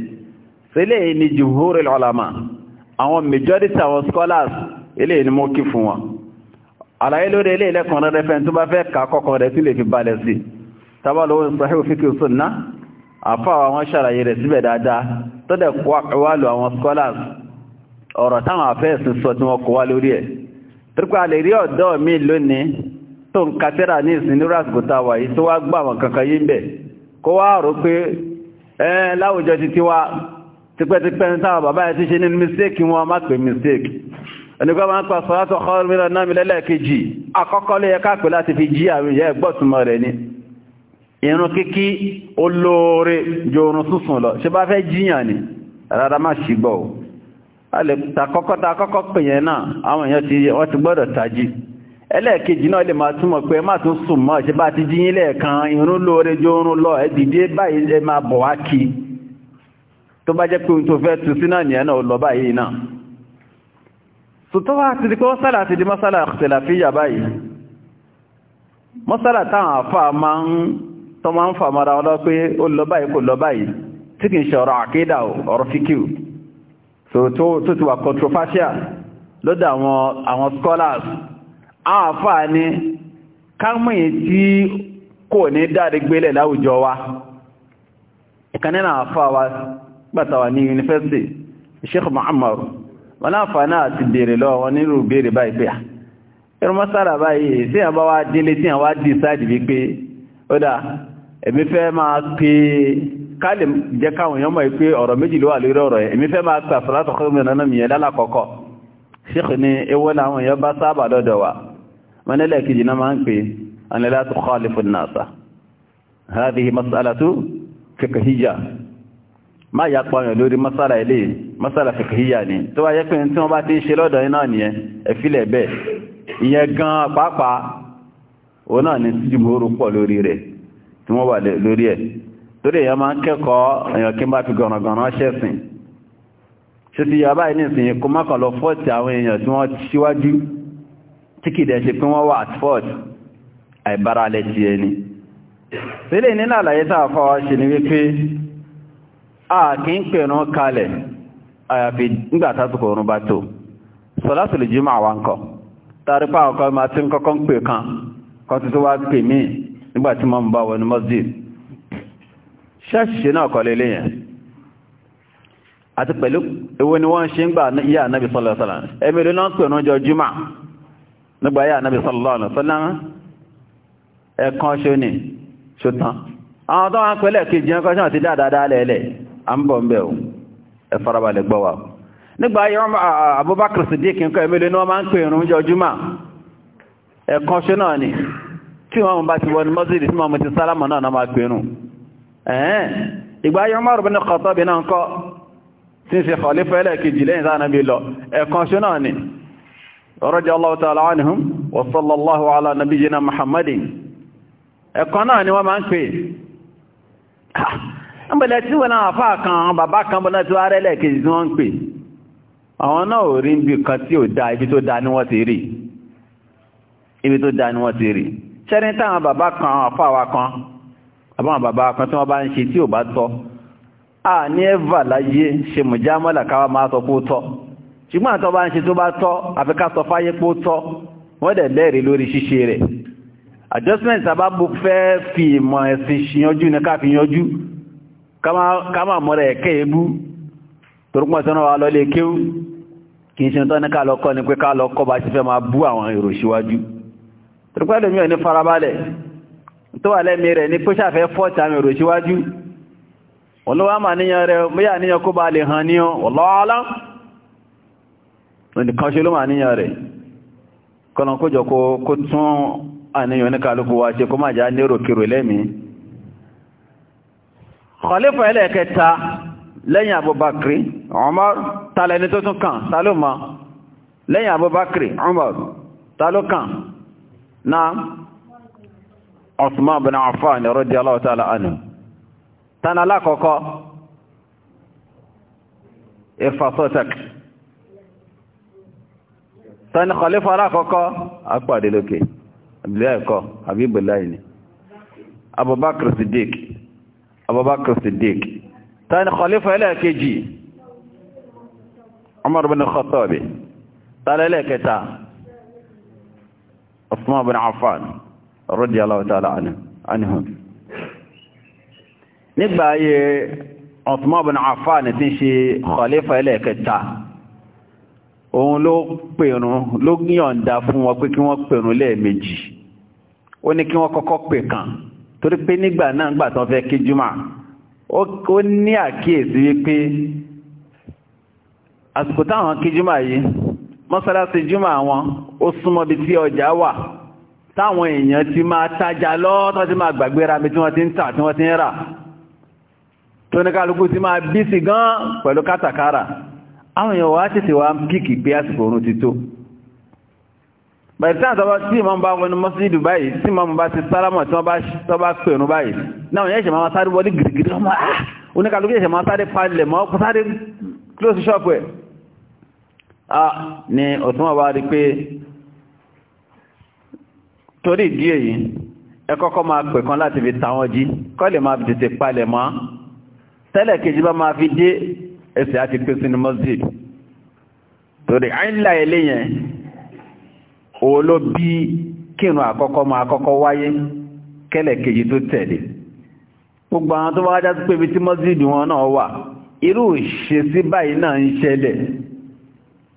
sílẹ̀ ni jumhurul ulama àwọn majority àwọn scholars eléyìí ni mo kí fún wọn àlàyé lórí eléyìí lẹ́kùn rẹ̀ fẹ́ tó bá fẹ́ kà àwọn scholars ọ̀rọ̀ táwọn àfẹ́ẹ̀sùn sọ tí wọ́n kò wá lórí ẹ̀ torípa a lè rí ọ̀dọ́ mi lónìí tó ń katẹ́rà ní ìsinmi rásìkò tá a wà yìí tó wá gbà wọn kankan yìí ń bẹ̀ kó wá rò pé ẹ láwùjọ ti tiwa tipẹ́tipẹ́ ní táwọn bàbá yẹn ti ṣe nínú mistake wọn má pè mistake ẹnìkan máa ń pa sọ́látọ̀ kọ́lùmíràn náà mi lẹ́lẹ́kejì àkọ́kọ́ ló yẹ ká láti fi jí àwọn ìyá ẹ̀gbọ́ túmọ̀ rẹ̀ ni irun kíkí olóore jorun sísun lọ ṣe bá fẹ́ jíyàn ni rárá má ṣì o alẹ́ takọ́kọ́ takọ́kọ́ pè yẹn náà àwọn èèyàn ti wọ́n ti gbọ́dọ̀ tají ẹlẹ́ẹ̀kejì náà lè máa túnmọ̀ pé má tún sùn mọ́ ṣe bá ti jí yín lẹ́ẹ̀kan irun lóore jó oorun lọ ẹ báyìí ẹ máa bọ̀ wá kí tó bá jẹ́ pé tó fẹ́ tu sí náà nìyẹn náà lọ báyìí náà sùtọ́ wá ti di pé mọ́sálà ti di mọ́sálà ṣẹlàfíyà báyìí mọ́sálà táwọn àfà máa ń tọ́ máa ń wọn lọ pé ó lọ báyìí kò lọ báyìí tí kì í ṣe ọ̀rọ̀ àkídà ọ̀rọ̀ so tó tó ti wà controversial lọ́dọ̀ àwọn àwọn scholars àáfà ní kámọ̀yí tí kò ní dáre gbélẹ̀ láwùjọ wa ìkan nínú àáfà wa gbàtàwà ní university sheikh muhammad wọn láàfà náà ti bèèrè lọ wọn nírú bèèrè báyìí pé irun mọ́sára báyìí tí a bá wá délé tí a wá decide wípé ó dà èmi fẹ́ máa pè é ká lè jẹ́ káwọn èèyàn mọ̀ pé ọ̀rọ̀ méjì ló wà lórí ọ̀rọ̀ yẹn èmi fẹ́ máa pè àsàlátù kọ́ mi nánà mìíràn lálàkọ́kọ́ ṣéèkì ni ewó làwọn èèyàn bá sábà dọ́dọ̀ wa mọ́nẹ́lẹ̀ kejì náà máa ń pè anilá tó kọ́ àlefò nàṣà hádìí masalatu fiqhiyya má yà pa ọ̀yàn lórí masala torí èyàn máa ń kẹ́kọ̀ọ́ èyàn kí n bá fi gọ̀nàgọ̀nà ṣẹ́sìn ṣe ti yọ báyìí nísìnyí kó má kàn lọ fọ́ọ̀tì àwọn èèyàn tí wọ́n síwájú tí kìdẹ̀ ṣe pé wọ́n wà at fault àìbára alẹ́ ti ẹni sílẹ̀ nínú àlàyé tàà fọwọ́ a kì ń pèrún kalẹ̀ àyàfi nígbà tásìkò oorun bá tó sọlátùlù jímọ̀ kan ṣẹ́ṣìṣẹ́ náà kọ lélé yẹn àti pẹ̀lú ewé ni wọ́n ṣe ń gbà yà náà bí sọ́lọ́sọ́lá ẹmẹ́lú náà pẹ̀lú ọjọ́ jùmá nígbà yà náà bí sọ́lọ́sọ́lá ẹ̀kan ṣe ní ṣùtàn àwọn tó wọ́n pẹ̀lẹ̀ kejì ẹ̀kọ́ ṣe àti dáadáa lẹ́lẹ̀ à ń bọ̀ ń bẹ̀ ẹ farabalẹ̀ gbọ́ wa nígbà yà Abubakar Siddiq tí wọ́n bá ti wọ mọ́sílì tí wọ́n ti sálámà náà máa pè ìgbà yọ márùn bí ní kọ̀tọ́ bí náà kọ́ tí ń fi kọ̀lé fẹ́lẹ̀ kejì lẹ́yìn sáà nàbí lọ ẹ̀kan ṣe náà ni rọ́jọ́ Allah ta'ala anhum wa sallallahu ala nabiyyina Muhammadin ẹ̀kan náà ni wọ́n máa ń pè ẹ̀mbẹ̀lẹ̀ ah, tí wọ́n náà fà kan bàbá kan bọ́ná tí wọ́n rẹ̀ ibi tó da ni wọ́n ti rí ibi táwọn bàbá kan àfáwà kan àbáwọn bàbá kan tí wọ́n bá ń ṣe tí ò bá tọ́ a ní ẹ́và láyé ṣe mùjámọ́là káwà máa sọ pó tọ́ ṣùgbọ́n àtọ́ bá ń ṣe tó bá tọ́ àfikà sọ fáyé pó tọ́ wọ́n dẹ̀ lẹ́rìí lórí ṣíṣe rẹ̀ adjustment sábàbù fẹ́ fi ìmọ̀ ẹ̀sìn ṣìyànjú ní ká fi yanjú ká máa mọ́ra ẹ̀kẹ́ ebú torúpọ̀ sọ́nà wa lọ́lé kéwú kì í ṣe tọ́ ní ká lọ́kọ́ ni pé ká lọ́kọ́ bá ṣe tó wà lẹ́mí rẹ̀ ní kó ṣàfẹ́ fọ́ta mi rò síwájú olówá ma níyàn rẹ̀ mẹ́yà níyàn kó bá lè hàn ní ọlọ́ọ̀lá nìkan ṣe ló Khalifa ẹlẹ́kẹta lẹ́yìn Abubakri Umar tàlẹ́ni tó tún kàn tàló ma lẹ́yìn Abubakri Umar tàló náà Osman bin Affan radiyallahu ta'ala anhu tana lákọ̀ọ́kọ́ ìfàsọ́tẹ̀k tani khalifa lákọ̀ọ́kọ́ apàdé lókè abdullahi ẹ̀kọ́ abibulayi ni abubakar siddiq abubakar siddiq tani khalifa ẹlẹ́ẹ̀kejì umar bin khattabi tani ẹlẹ́ẹ̀kẹta Osman bin Affan radiyallahu ta'ala anhum nígbà ayé Uthman bin Affan tí ń ṣe khalifa ẹlẹ́ẹ̀kẹta òun ló pèrún ló yọ̀ǹda fún wọn pé kí wọ́n pèrún lẹ́ẹ̀mejì ó ní kí wọ́n kọ́kọ́ pè kan torí pé nígbà náà gbà tán fẹ́ kí jùmá ó ní àkíyèsí wípé àsìkò táwọn kí jùmá yìí mọ́sálásí jùmá wọn ó súnmọ́ bí tí ọjà wà táwọn èèyàn ti máa tajà lọ́tọ́ ti máa gbàgbéra mi tí wọ́n ti ń tà tí wọ́n ti ń rà tó ní kálukú ti máa bí sí gan pẹ̀lú kátàkárà àwọn èèyàn wá tètè wá ń píkì pé àsìkò oorun ti tó bẹ̀rẹ̀ tí àtọ́bá tí ìmọ̀ bá close shop ah ni ọ̀túnmọ̀ bá rí pé torí ìdí èyí ẹ kọ́kọ́ máa pè kan láti fi tàwọn jí kọ́ lè máa tètè palẹ̀ mọ́ tẹ́lẹ̀ kejì bá máa fi dé ẹsẹ̀ àti pé sínú mọ́sílì torí àìlà ilé yẹn òun ló bí kírun àkọ́kọ́ máa kọ́kọ́ wáyé kẹ́lẹ̀ kejì tó tẹ̀lé gbogbo àwọn tó wájá tó pébi tí mọ́sílì wọn náà wà irú ìṣesí báyìí náà ń ṣẹlẹ̀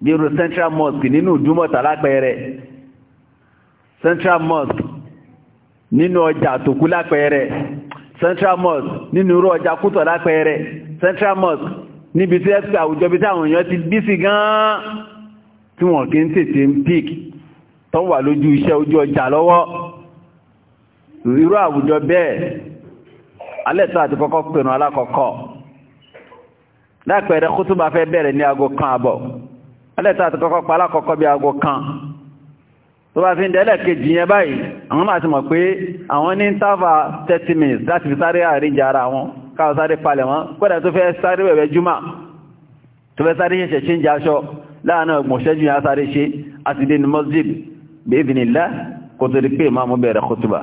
bí irú central mosque nínú ìdúmọ̀tà lápẹẹrẹ central mosque nínú ọjà àtòkú lápẹẹrẹ central mosque nínú irú ọjà kútọ̀ lápẹẹrẹ central mosque níbi tí ẹ́sì àwùjọ bí táwọn èèyàn ti bí sí gan-an tí wọ́n kí ń tètè ń pík tó wà lójú iṣẹ́ ojú ọjà lọ́wọ́ irú àwùjọ bẹ́ẹ̀ alẹ́tọ́ àti kọ́kọ́ pẹ̀nù alákọ̀ọ́kọ́ lápẹẹrẹ kútùbà fẹ́ bẹ̀rẹ̀ ní aago kan àbọ̀ alẹ́tọ́ àti kọ́kọ́ pa alákọ̀ọ́kọ́ bí aago kan tó bá fi ń dẹ́lẹ̀ kejì yẹn báyìí àwọn máa ti mọ̀ pé àwọn ní táfà 30 minutes láti fi sáré àríjà ara wọn káwọn sáré palẹ̀ wọn kódà tó fẹ́ sáré wẹ̀wẹ̀ júmà tó fẹ́ sáré ṣẹ̀ṣẹ̀ ṣe ń jẹ aṣọ ọgbọ̀nṣẹ́jú yẹn masjid bèèbìnilá kò tó di pé máa mú bẹ̀rẹ̀ kútùbà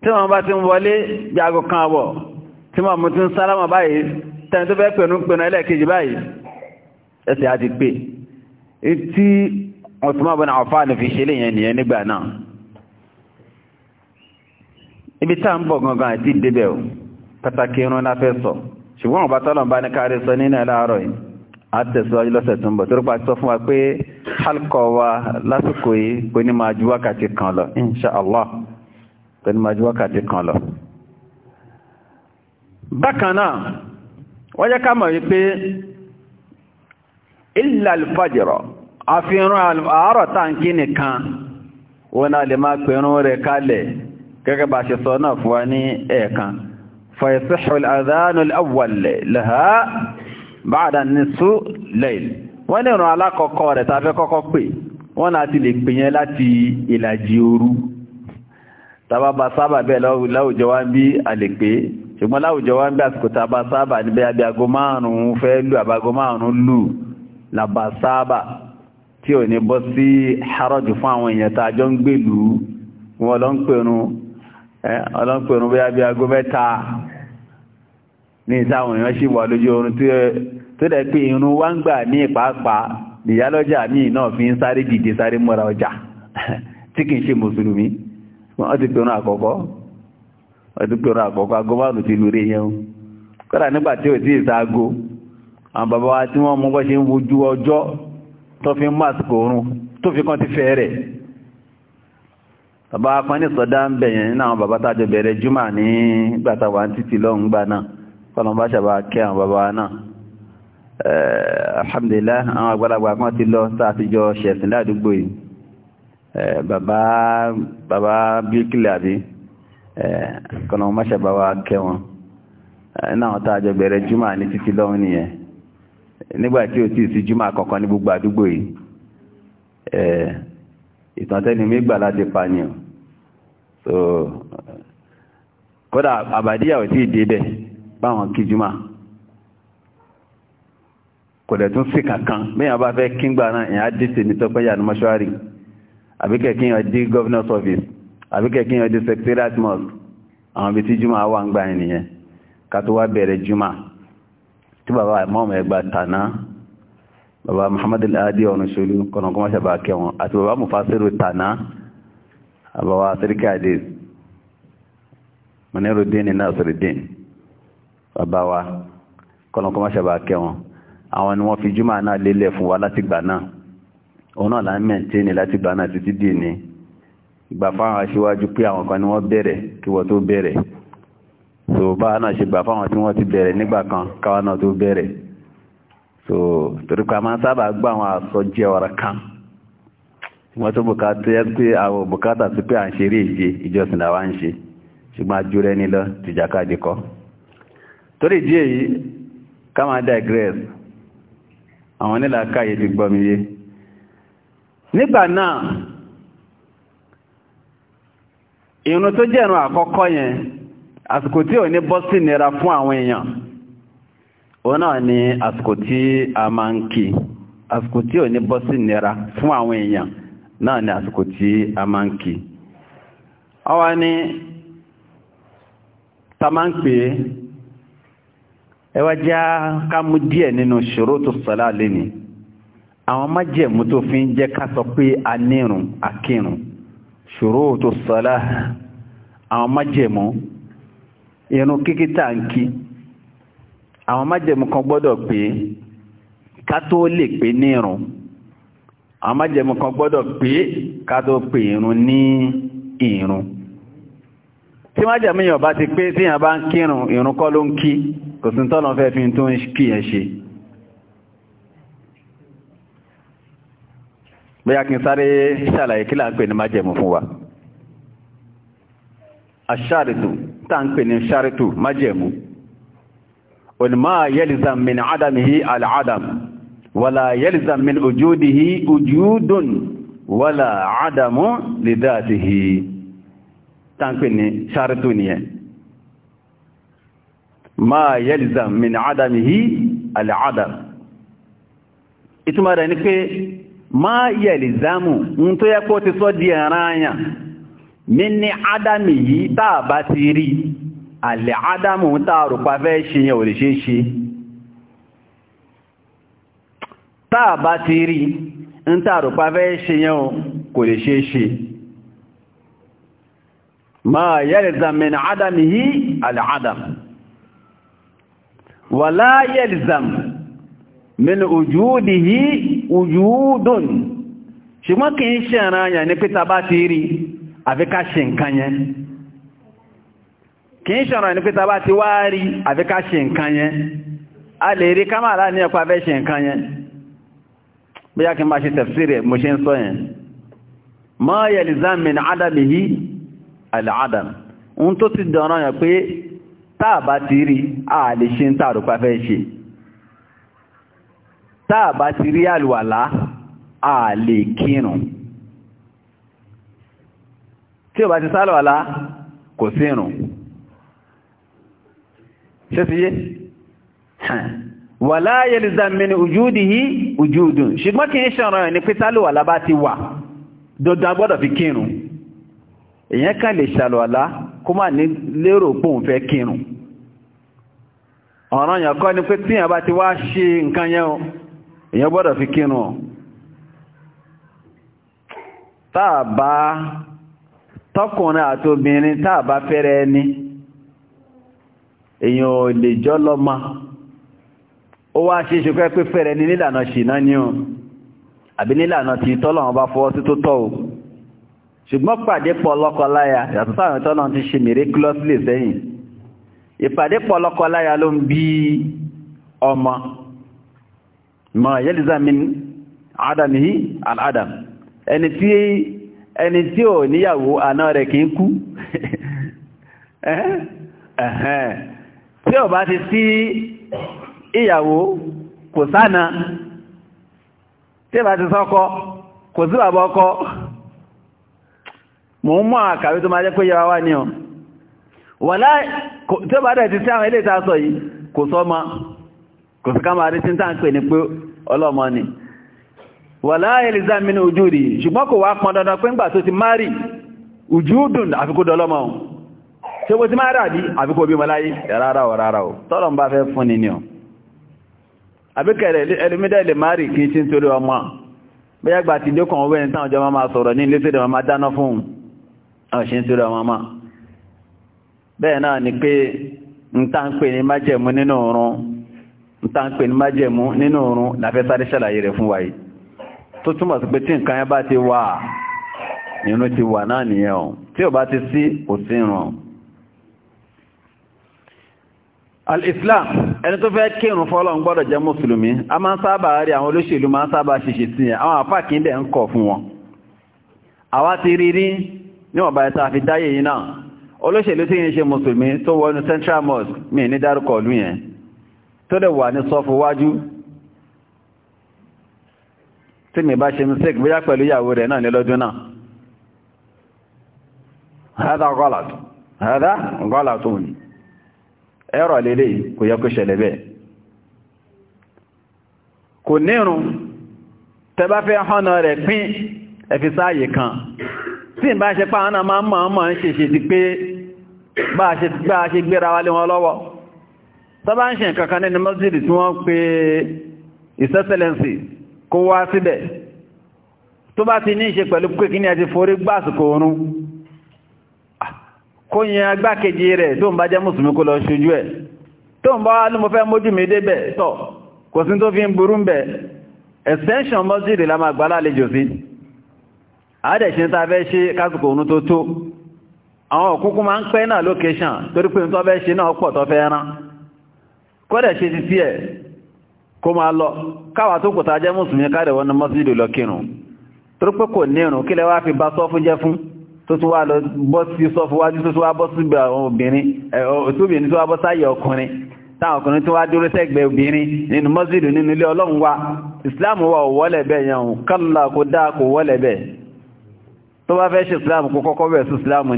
tí wọ́n bá ti ń wọlé bí aago kan àbọ̀ tí wọ́n mú ti ń Usman bin Affan fi ṣe léyìn ènìyàn nígbà náà ibi tá ń bọ̀ gangan àti ìdébẹ̀ o pàtàkì irun la fẹ́ sọ ṣùgbọ́n ọba tọ́lọ̀ bá ní káàrí sọ nínú ẹ̀láàrọ̀ yìí a tẹ̀síwájú lọ́sẹ̀ tó ń bọ̀ torípa sọ fún wa pé halkọ̀ wa lásìkò yìí kò ní máa ju wákàtí kan lọ inṣàlá kò ní máa ju wákàtí kan lọ bákan náà wọ́n jẹ́ ká mọ̀ wípé ilẹ̀ alifájẹ̀rọ̀ àfihàn àárọ̀ tàǹkì nìkan wọn a lè máa pẹ̀rún rẹ̀ kalẹ̀ gẹ́gẹ́ bá ṣe sọ náà fún wa ní ẹ̀ẹ̀kan fàìsíhùl àdánul awwalẹ̀ lẹ́ha báadà nìsú lẹ́yìn wọ́n ní ìrun alákọ̀ọ́kọ́ rẹ̀ tàbí kọ́kọ́ pè wọ́n láti lè pè yẹn láti ìlàjì òru tàbábà sábà bẹ́ẹ̀ láwùjọ wá ń bí àlèpé ṣùgbọ́n láwùjọ wá ń bí àsìkò tàbá sábà níbẹ̀ abẹ́ ago ún fẹ́ lù àbágo márùn-ún lù làbà sábà tí ò ní bọ́ sí harajù fún àwọn èèyàn jọ ń gbèlú wọn bí i aago mẹ́ta ní ìsáwọn èèyàn sì wà lójú tó dẹ̀ pé irun wá ń gbà ní pàápàá ìyálọ́jà míì náà fi ń sáré ọjà tí kìí ṣe mùsùlùmí wọ́n ti pẹ̀rún àkọ́kọ́ tó fi mú àsìkò oorun tó fi kán ti fẹ́ rẹ̀ bàbá apán ní sọ́dá ń bẹ̀yẹn nínú àwọn bàbá tàjọ bẹ̀rẹ̀ júmà ní gbàtàwà títí lọ́hùn náà kọ́nà ṣàbà kẹ́ àwọn bàbá náà eh, alhamdulillah àwọn àgbàlagbà kan ti lọ sáàtijọ́ ṣẹ̀sìn ládùúgbò yìí eh, bàbá bàbá bíkìlì àbí eh, kọ́nà bá ṣàbà kẹ́ wọn nínú àwọn tàjọ nígbà tí ó ti sí jùmọ̀ àkọ́kọ́ ní gbogbo àdúgbò yìí ìtàntẹ́ni mégbà láti pàníyàn so kódà àbàdíyà ò tí ìdébẹ̀ báwọn kí jùmọ̀ kò dẹ̀ tún sí kankan mẹ́yàn bá fẹ́ kíngbà náà ìyá dìtì ní tọ́pẹ́yà ní mọ́ṣúárì àbíkẹ́ kí yàn dí governor's office àbíkẹ́ kí yàn dí secretariat mosque àwọn ibi tí jùmọ̀ wà ń gbà ènìyàn ká tó wá bẹ̀rẹ̀ jùmọ̀ tí bàbá ìmọ́ọ̀mù ẹgbà tàná bàbá Muhammad al-Adi ọ̀nà ṣolú kọ̀nàkọ́ mọ́ṣàbà kẹwọn àti bàbá mufasiru tàná àbàwà sirika adis mọ̀nẹ́rùdín ní Nasiruddin bàbá wa kọ̀nàkọ́ mọ́ṣàbà kẹwọn àwọn ni wọ́n fi jùmọ̀ náà lélẹ̀ fún wa látìgbà náà òun náà láń mẹ́ǹtẹ́ ní látìgbà náà títí dì ní ìgbà fáwọn aṣíwájú pé àwọn kan ni wọ́n bẹ̀rẹ̀ kí wọ́n tó bẹ̀rẹ̀ so bá náà ṣe gbà fáwọn tí wọ́n ti bẹ̀rẹ̀ nígbà kan káwa náà tó bẹ̀rẹ̀ so torí pa máa sábà gbà àwọn àsọjẹ ọ̀rọ̀ kan tí wọ́n tó bùkátà pé àwọn bùkátà sí pé à ń ṣeré ìje ìjọsìn làwa ń ṣe ṣùgbọ́n ajúrẹ́ ní lọ tìjàkadì kọ́ torí ìdí èyí ká máa digress àwọn nílà káyé ti gbọ́ mi yé nígbà náà ìrun tó jẹ́ ìrun àkọ́kọ́ yẹn àsìkò tí ò ní bọ́ sí nira fún àwọn èèyàn òun náà ni àsìkò tí a máa ń kí àsìkò tí ò ní bọ́ sí nira fún àwọn èèyàn náà ni àsìkò tí a máa ń kí ọwá ní ta máa ń pè é ẹwà já ká mú díẹ̀ nínú ṣòro tó sọ́lá lẹ́ni àwọn májẹ̀mú tó fi ń jẹ́ ká sọ pé a nírun akírun ṣòro tó sọ́lá àwọn májẹ̀mú irun kíkí tàǹkì àwọn májẹ̀mú kan gbọ́dọ̀ pé ká tó lè pé ní irun àwọn májẹ̀mú kan gbọ́dọ̀ pé ká tó pé irun ní irun tí májẹ̀mú yàn bá ti pé tí yàn bá ń kírun irun kọ́ ló ń kí kò sí tọ́lọ́ fẹ́ fi tó ń kí yẹn ṣe bóyá kí n sáré ṣàlàyé kí là ń pè ní májẹ̀mú fún wa aṣáàrìtù tàǹpẹ̀ ní ṣáàrìtù májẹ̀mú òní máa yẹ́lìzàm min adamihi al'adam wàlá yẹ́lìzàm min ojúdihi ojúdùn wàlá adamu lidatihi tàǹpẹ̀ ní ṣáàrìtù nìyẹn máa yẹ́lìzàm min adamihi al'adam ìtumọ̀ rẹ̀ ni pé máa yẹ̀lìzàmù ń tó yẹ kó ti níní ádámì yìí táà bá ti rí àlẹ̀ ádámù táà rùpa fẹ́ ṣe yẹn ò lè ṣe ṣe táà bá ti rí ń táà rùpa fẹ́ ṣe yẹn kò lè ṣe ṣe ma yalzam min ádámì àlẹ̀ ádámù wà la yalzam min wujudihi wujudun ṣùgbọ́n kìí ṣẹ̀ràn yà ní pé bá ti rí àfi ká ṣe nǹkan yẹn kì í ṣọ̀rọ̀ ní pẹ́ta bá ti wá rí àfi ká ṣe nǹkan yẹn a lè rí kámàrà ní ẹ̀kọ́ afẹ́ ṣe nǹkan yẹn bóyá kí n máa ṣe tafsiri mo ṣe ń sọ yẹn ma yalzam min adamihi al-adam ohun tó ti dọ̀rọ̀ yẹn pé táàbá ti rí a lè ṣe ń tàrùpá fẹ́ ṣe táàbá ti rí àlùwàlá a lè kírun tí ó bá ti sálọ̀ àlá kò sí ìrùn ṣe ti yé wà láàyè lè zàmìnì ojúdì yí ojúdùn ṣùgbọ́n kí ní ṣọ̀rọ̀ ẹ̀ ní pé sálọ̀ àlá bá ti wà dandan gbọ́dọ̀ fi kírun èyàn kan lè ṣàlọ̀ àlá kó má ní lérò pòun fẹ́ kírun ọ̀ràn yàn ni pé tí èyàn bá ti wá ṣe nǹkan yẹn o èyàn tọkùnrin àti obìnrin tá a bá fẹ́rẹ̀ ẹni èyàn ò lè jọ lọ́mọ ó wá ṣe ṣe pé fẹ́rẹ̀ ní nílànà ṣìná ní o àbí nílànà tí tọ́lọ̀wọ́n bá fọwọ́ sí tó tọ́ o ṣùgbọ́n pàdé pọ̀ lọ́kọláya yàtọ̀ sáwọn tọ́lọ̀ ti ṣe miraculously sẹ́yìn ìpàdé pọ̀ lọ́kọláya ló ń bí ọmọ mọ̀ yẹ́lìzàmín adamihi al-adam ẹni tí ẹni tí ò níyàwó àná rẹ̀ kì í kú tí ò bá ti sí ìyàwó kò sáàna tí bá ti sọ́kọ kò sí bàbá ọkọ mò ń mọ́ àkàwé tó máa jẹ́ pé yẹ wá ní ọ wàlá tí ó bá dẹ̀ ti sí àwọn ilé ìta sọ yìí kò sọ́mọ kò sí ká máa rí tí ń tàn pè ní pé ọlọ́mọ ni wàlá ẹ̀lìzá mínú ojú rí ṣùgbọ́n kò wá pọn dandan pé ńgbà tó ti márì ojú dùn àfikó dọlọ́mọ ṣe bó ti máa rà bí àfikó bí mọ́láyé rárá o rárá o tọ́lọ̀ ń bá fẹ́ fún ni ni o àbíkẹ̀rẹ̀ ẹlùmídẹ́ lè márì kí n ṣe ń torí ọmọ bóyá gbà ti dókàn ni pé ń tá ń pè tó túmọ̀ sí pé tí nǹkan yẹn bá ti wà irun ti wà náà nìyẹn o tí ò bá ti sí kò sí irun al-islam ẹni tó fẹ́ kírun fọ́lọ́n gbọ́dọ̀ jẹ́ mùsùlùmí a máa ń sábà rí àwọn olóṣèlú máa ń sábà ṣiṣẹ́ sí ẹ̀ àwọn àfáà kí ń kọ̀ fún wọn àwa ti rí rí níwọ̀n bá ẹta àfi dáyé yìí náà olóṣèlú tí yìí ṣe mùsùlùmí tó wọnú central mosque mi ní dárúkọ̀ ọ̀lú yẹn tó dẹ̀ wà ní sọ́fù tí mi bá ṣe mistake bóyá pẹ̀lú ìyàwó rẹ̀ náà ní lọ́dún náà hádá gọ́làtù hádá gọ́làtù ní ẹ̀rọ lélẹ̀ kò yẹ kó ṣẹlẹ̀ bẹ́ẹ̀ kò nírun tẹbá fẹ́ hànà rẹ̀ pín ẹ̀fi sáàyè kan tí bá ṣe pa ánà máa mọ̀ mọ̀ ń ti pé bá ṣe gbéra wálé wọn lọ́wọ́ tọ́bá ń ṣe nǹkan kan nínú mọ́sílì tí wọ́n pe his excellency kó wá síbẹ̀ tó bá ti ní ìṣe pẹ̀lú pé kí ni a ti forí gbásùkò oorun kó yẹn agbákejì rẹ̀ tó ń bá jẹ́ mùsùlùmí kó lọ ṣojú ẹ̀ tó ń bá ní mo fẹ́ mójú mi débẹ̀ tọ̀ kò sí tó fi ń burú bẹ̀ extension mọ́sílì la máa gbálá àlejò sí àádẹ̀ṣin tá a fẹ́ ṣe kásùkò oorun tó tó àwọn òkúnkún máa ń pẹ́ náà lókèṣàn torí pé tó fẹ́ ṣe náà pọ̀ tó fẹ́ rán kọ́dẹ̀ ṣe ti tiẹ̀ kó máa lọ káwà tó kò tàjẹ́ mùsùlùmí káàrẹ̀ wọn mọ́sílù lọ kírùn tó pé kò nírùn kílẹ̀ wá fi bá sọ́fú jẹ́ fún tó tún wá lọ bọ́ sí sọ́fú wájú tó tún wá bọ́ sí obìnrin tó wá bọ́ tó wá dúró sẹ́gbẹ̀ wa islam wa ò wọ́lẹ̀ bẹ́ẹ̀ yẹn kọ́lá kó dá kó wọ́lẹ̀ bẹ́ẹ̀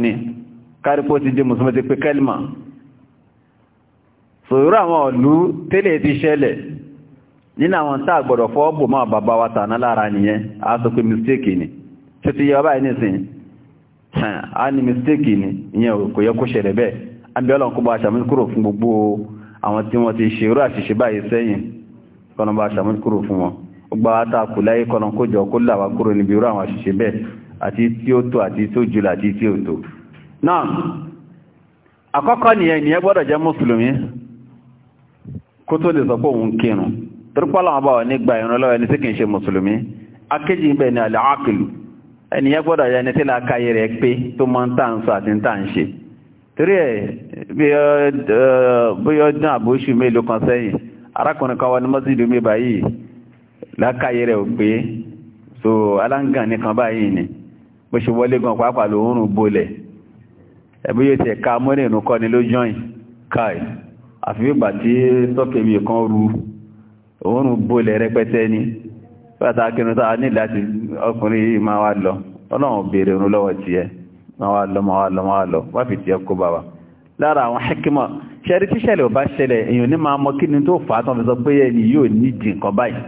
ni kárípò ti di mùsùlùmí ti pe kẹ́lìmà sòrò àwọn nínú àwọn tá àgbọ̀dọ̀ fọ́ bò máa bàbá wa tàná lára nìyẹn a sọ pé mistake ni tí ti yẹ ọba yìí nìsìn a ní mistake ni ìyẹn kò yẹ kó ṣẹlẹ̀ bẹ́ẹ̀ àbí ọlọ́run aṣàmúkúrò fún gbogbo àwọn tí wọ́n ti ṣe irú àṣìṣe báyìí sẹ́yìn kọ́nà a kù láyé kọ́nà kó jọ kó là wá kúrò níbi irú àwọn àṣìṣe bẹ́ẹ̀ àti tí ó tó àti tí ó jùlọ àti tí ó tó náà àkọ́kọ́ nìyẹn nìyẹn gbọ́dọ̀ jẹ́ mùsùlùmí kó tó lè sọ pé òun kírun torípọ́lọ́ ọba ò ní gba ìrànlọ́wọ́ ẹni tí kìí ṣe mùsùlùmí akéjì ń bẹ̀ ní alẹ́ ákìlù ẹnìyẹn gbọ́dọ̀ yẹ ẹni tí làákàyè rẹ̀ pé tó mọ́ ń tà ń sọ àti ń tà ń ṣe torí ẹ̀ bóyá ọdún àbóṣù mélòó kan sẹ́yìn arákùnrin kan wà ní mọ́sídìí mi báyìí làákàyè rẹ̀ ò pé so aláǹgàn nìkan báyìí ni bó ṣe wọlé gan pàápàá lòórùn bolẹ̀ ẹ̀bí yóò ti ẹ̀ka mọ́rìnrún kọ́ni lójọ́ìn káì àfi òórùn bólẹ̀ rẹpẹtẹ ni pàtàkì ní tàà ní láti ọkùnrin yìí máa wá lọ ọlọ́run bèèrè òun lọ́wọ́ ti ẹ máa wá lọ máa wá lọ máa wá lọ wá fi ti ẹ kó bá wa lára àwọn hekima ṣẹ́rí tí ṣẹlẹ̀ ò bá ṣẹlẹ̀ èèyàn ní máa mọ kí ni tó fà á tán fi sọ pé ẹni yóò nídìí nǹkan báyìí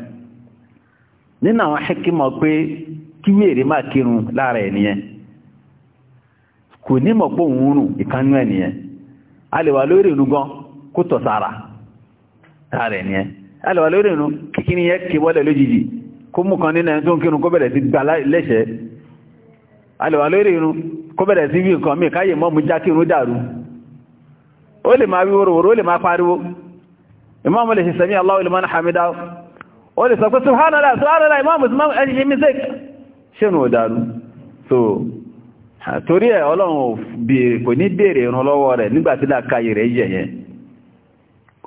nínú àwọn hekima pé kí wèrè alọ́wà lórí ìrún kíkí ní yẹ kí wọ́lẹ̀ lójijì kó mú kan nínú ẹni tó ń kírun kó bẹ̀rẹ̀ sí gbà lẹ́ṣẹ̀ alọ́wà lórí ìrún kó bẹ̀rẹ̀ sí wí nǹkan míì káyè mọ́ mú já kírun dàrú ó lè máa wí wòròwòrò ó lè máa pariwo ìmáàmù lè ṣe hamida ó lè sọ pé subhanallah subhanallah ìmáàmù ẹni so torí ẹ̀ ọlọ́run kò ní béèrè ìrun lọ́wọ́ rẹ̀ nígbàtí láàkáyè rẹ̀ yẹ̀yẹn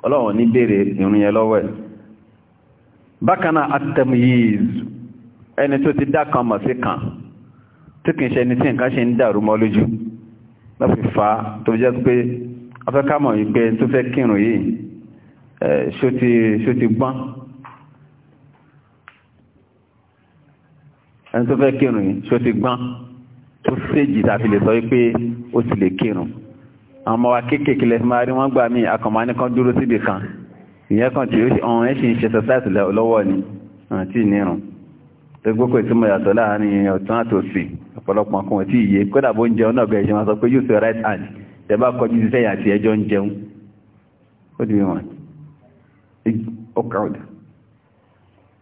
ọlọ́run ní béèrè ìrun yẹn lọ́wọ́ ẹ̀ bákaná atamuyiz ẹni tó ti dá kan mọ̀ sí kan tí kìí ṣe ẹni tí nǹkan ṣe ń dàrú mọ́ lójú lọ́fi fa tó jẹ́ pé afẹ́kámọ̀ yìí pé tó fẹ́ kírun yìí ṣó ti gbọ́n ẹni tó fẹ́ kírun yìí ṣó ti gbọ́n tó séjì tàbí lè sọ wípé ó ti lè kírun àwọn ọmọ wa kéékèèké lẹ́fí máa rí wọ́n gbà míì akọ̀mọ́ anìkan dúró síbi kan ìyẹn kan tí ọ̀n ẹ́ ṣe ń ṣe sọ́sáìtì lọ́wọ́ ni àti ìnirun tó gbókò tí mo yàtọ̀ láàrin ọ̀tún àtòsì ọ̀pọ̀lọpọ̀ kan tí ìyé kódà bó ń jẹun náà bẹ̀rẹ̀ ṣe máa sọ pé use your right hand tẹ́bá kọjú sí sẹ́yìn àti ẹjọ́ ń jẹun ó di wọn ó kàwùdà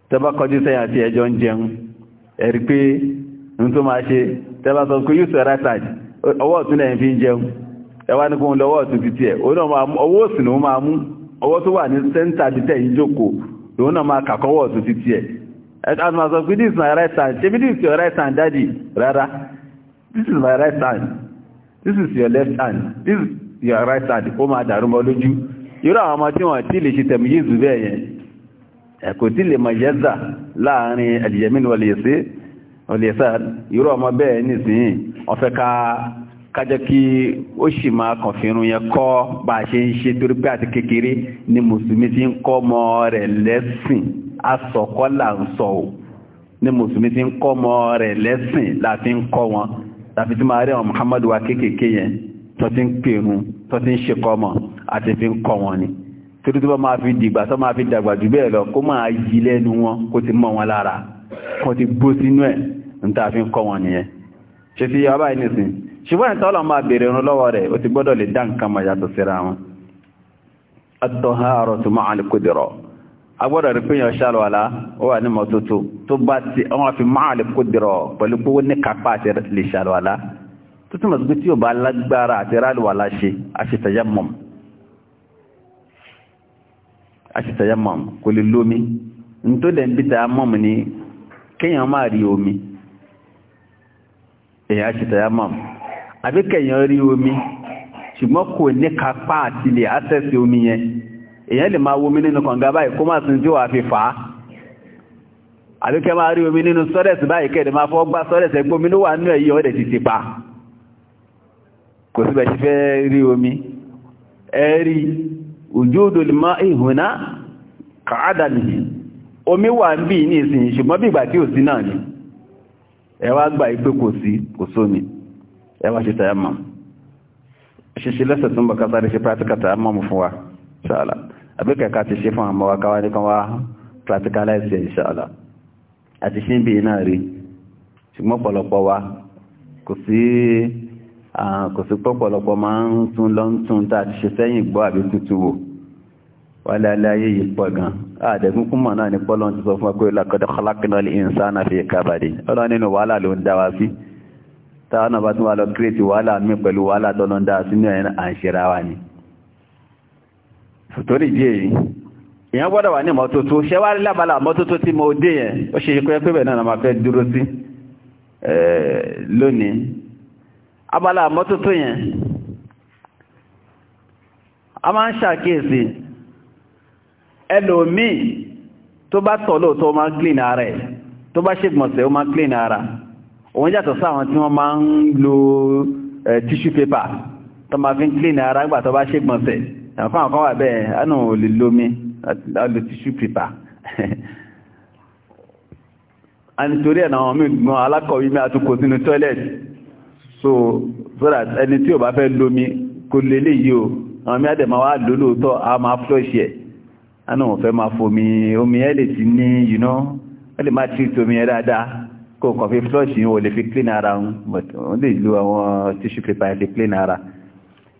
tẹ́bá kọjú sẹ́yìn àti ẹjọ́ ń jẹun ẹ̀rí pé ń tó máa ṣe tẹ́bá sọ pé use your right hand ọwọ́ ọ̀tún lẹ́yìn fi ń jẹun ẹwà ní kóhun lọ́wọ́ ọ̀tún ọwọ́ tó wà ní sẹ́ńtà títẹ̀ ìjókòó lòun náà máa kàkọ́wọ́ ọ̀tún títí ẹ̀ and ma sọ pé this is my right hand ṣe bí this is your right hand daddy rárá this is my right hand this is your left hand this is your right hand ó máa dàrú mọ́ lójú irú àwọn ọmọ tí wọ́n tí lè ṣe tẹ̀mù yìí zù bẹ́ẹ̀ yẹn ẹ̀kò tí lè mọ̀ yẹ́zà láàrin al-yamin wal-yasar irú ọmọ bẹ́ẹ̀ nìsín ọ̀fẹ́ ká kájẹ́ kí ó sì máa kàn fìrun yẹn kọ́ bá a ṣe ń ṣe torí pé àti kékeré ni mùsùlùmí ti ń kọ́ ọmọ rẹ̀ lẹ́sìn asọ̀kọ́ là ń sọ o ni mùsùlùmí ti ń kọ́ ọmọ rẹ̀ lẹ́sìn láti ń kọ́ wọn láti tí máa rí àwọn muhammadu wa kéékèèké yẹn tó ti ń pèrun tó ti ń ṣe kọ́ ọmọ àti fi ń kọ́ wọn ni torí tó bá máa fi dìgbà tó máa fi dàgbà jù bẹ́ẹ̀ lọ kó máa yí lẹ́nu wọn kó ti mọ́ wọn lára kó ti gbó sínú ẹ̀ ń tà fi ń kọ́ wọn nìyẹn ṣe ti yọ abáyé nìsín ṣùgbọ́n ìtọ́lọ̀ máa bèèrè ìrun lọ́wọ́ rẹ̀ ó ti gbọ́dọ̀ lè dá nǹkan ma yàtọ̀ síra wọn àtọ̀hárọ̀ tó máa lè kódìrọ̀ agbọ́dọ̀ rí pínyàn ṣàlọ́wàlá ó wà ní mọ́tótó tó bá ti wọ́n fi máa lè kódìrọ̀ pẹ̀lú pé ó ní kápá àti lè ṣàlọ́wàlá tó túnmọ̀ sí pé tí ò bá lágbára àti ráàlùwàlá ṣe àṣetàyàmọ̀m kò lè lómi tó dẹ̀ ń bí tàyàmọ̀m ni kéèyàn máa rí omi èèyàn àṣetàyàmọ̀m àbí kẹ̀yàn rí omi ṣùgbọ́n kò ní kápá àti lè omi yẹn èyàn lè máa womi nínú kànga báyìí kó máa sin tí wà fi fàá àbí máa rí omi nínú sọ́rẹ̀sì báyìí kẹ́ máa fọ́ gbá sọ́rẹ̀sì ẹgbómi wà nínú ẹ̀yí ti ti pa kò fẹ́ rí omi omi wà ń bí ní ṣùgbọ́n bí ìgbà tí ò sí náà ni ẹ wá gbà ẹ wá ṣe tayammum ṣíṣe lẹ́sẹ̀ tún bọ̀ kásáré ṣe practical tayammum fún wa ṣáàlá àbíkẹ̀ẹ́ká ti ṣe fún àmọ́ wa ní kan wá practicalize ẹ̀ ṣáàlá àti ṣe ń bí iná rí ṣùgbọ́n pọ̀lọpọ̀ wa kò sí kò sí pọ̀pọ̀lọpọ̀ máa ń tún lọ ń tún tá a ti ṣe sẹ́yìn gbọ́ àbí tuntun wò wà láàlẹ́ ayé yìí pọ̀ gan àdẹ̀gún kúmọ̀ náà ní pọ́lọ́n ti sọ fún ọkọ̀ ìlàkọ̀dọ̀ khalaqnal insana fi kabadi ọlọ́ nínú wàhálà ló ń dá wa sí táwọn náà bá tún wà lọ kírètì wàhálà mi pẹ̀lú wàhálà tọ́nà dáa sínú ẹ̀yìn à ń ṣera ni torí díẹ̀ yìí èèyàn gbọ́dọ̀ wà ní mọ́tótó ṣẹ́wárí lábala mọ́tótó tí mo dé yẹn ó ṣe ikú ẹgbẹ́ náà máa fẹ́ dúró sí lónìí abala mọ́tótó yẹn òun yàtọ̀ sáwọn tí wọ́n máa ń lo tissue paper tó máa fi ń clean ara gbà tó bá ṣègbọ̀nsẹ̀ ẹ̀fọ́ àwọn kan wà bẹ́ẹ̀ ẹnu ò lè lómi lo tissue paper ànítorí ẹ̀nà àwọn mí gan alákọ̀wé mi àtúkò sínú toilet so so that ẹni tí ò bá fẹ́ lómi kò lè lè yí o àwọn mí àdẹ̀mà wà lólóòótọ́ a máa flush ẹ̀ ẹnu ò fẹ́ máa fomi omi ẹ̀ lè ti ní you know ẹ̀ lè má treat omi ẹ̀ dáadáa kó kàn fi flush yíò lè fi clean ara wọn lè lo àwọn tissue paper lè clean ara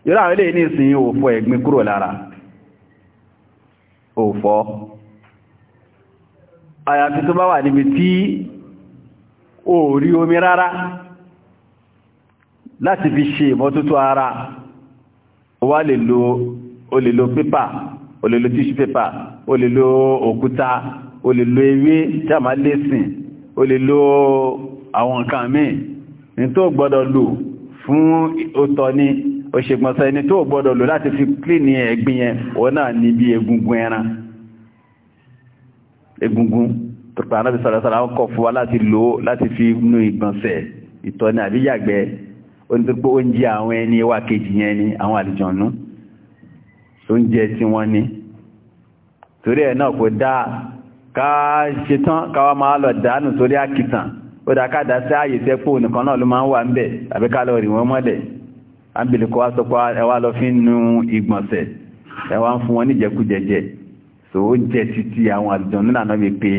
yóò àwọn ilé ní ìsìn yóò fọ ẹ̀gbin kúrò lára ò fọ́ àyàfi tó bá wà níbi tí ò rí omi rárá láti fi ṣe ìmọ́tótó ara ó wá lè lo o lè lo pépà o lè lo tissue paper o lè lo òkúta o lè lo ewé tí a máa lé sìn o lè lo àwọn nǹkan míì ní tó gbọ́dọ̀ lò fún òtọ́ ní òṣègbọ̀nsẹ̀ ní tó gbọ́dọ̀ lò láti fi klí ní ẹ̀gbìn yẹn wọ́n náà ní bí egungun ẹran egungun tọ̀pẹ̀ anábi sàrẹ̀sàrẹ̀ àwọn kọ̀ fún wa láti lò láti fi nú ìgbọ̀nsẹ̀ ìtọ̀ ní àbíyàgbẹ́ torí ẹ̀ náà kò dáa ká ṣe tán káwa máa lọ dánù sórí àkìtàn ó dá ká dá sí ààyè tẹ́pọ̀ nìkan náà ló máa ń wà ń bẹ̀ àbí ká lọ rí wọn mọ́lẹ̀ àbìlẹ̀kọ́ wá sọpọ̀ ẹwà lọ fi ń nu ìgbọ̀nsẹ̀ ẹwà ń fún wọn níjẹkújẹjẹ tó ó jẹ títí àwọn àdìjọ nínú àná mi pé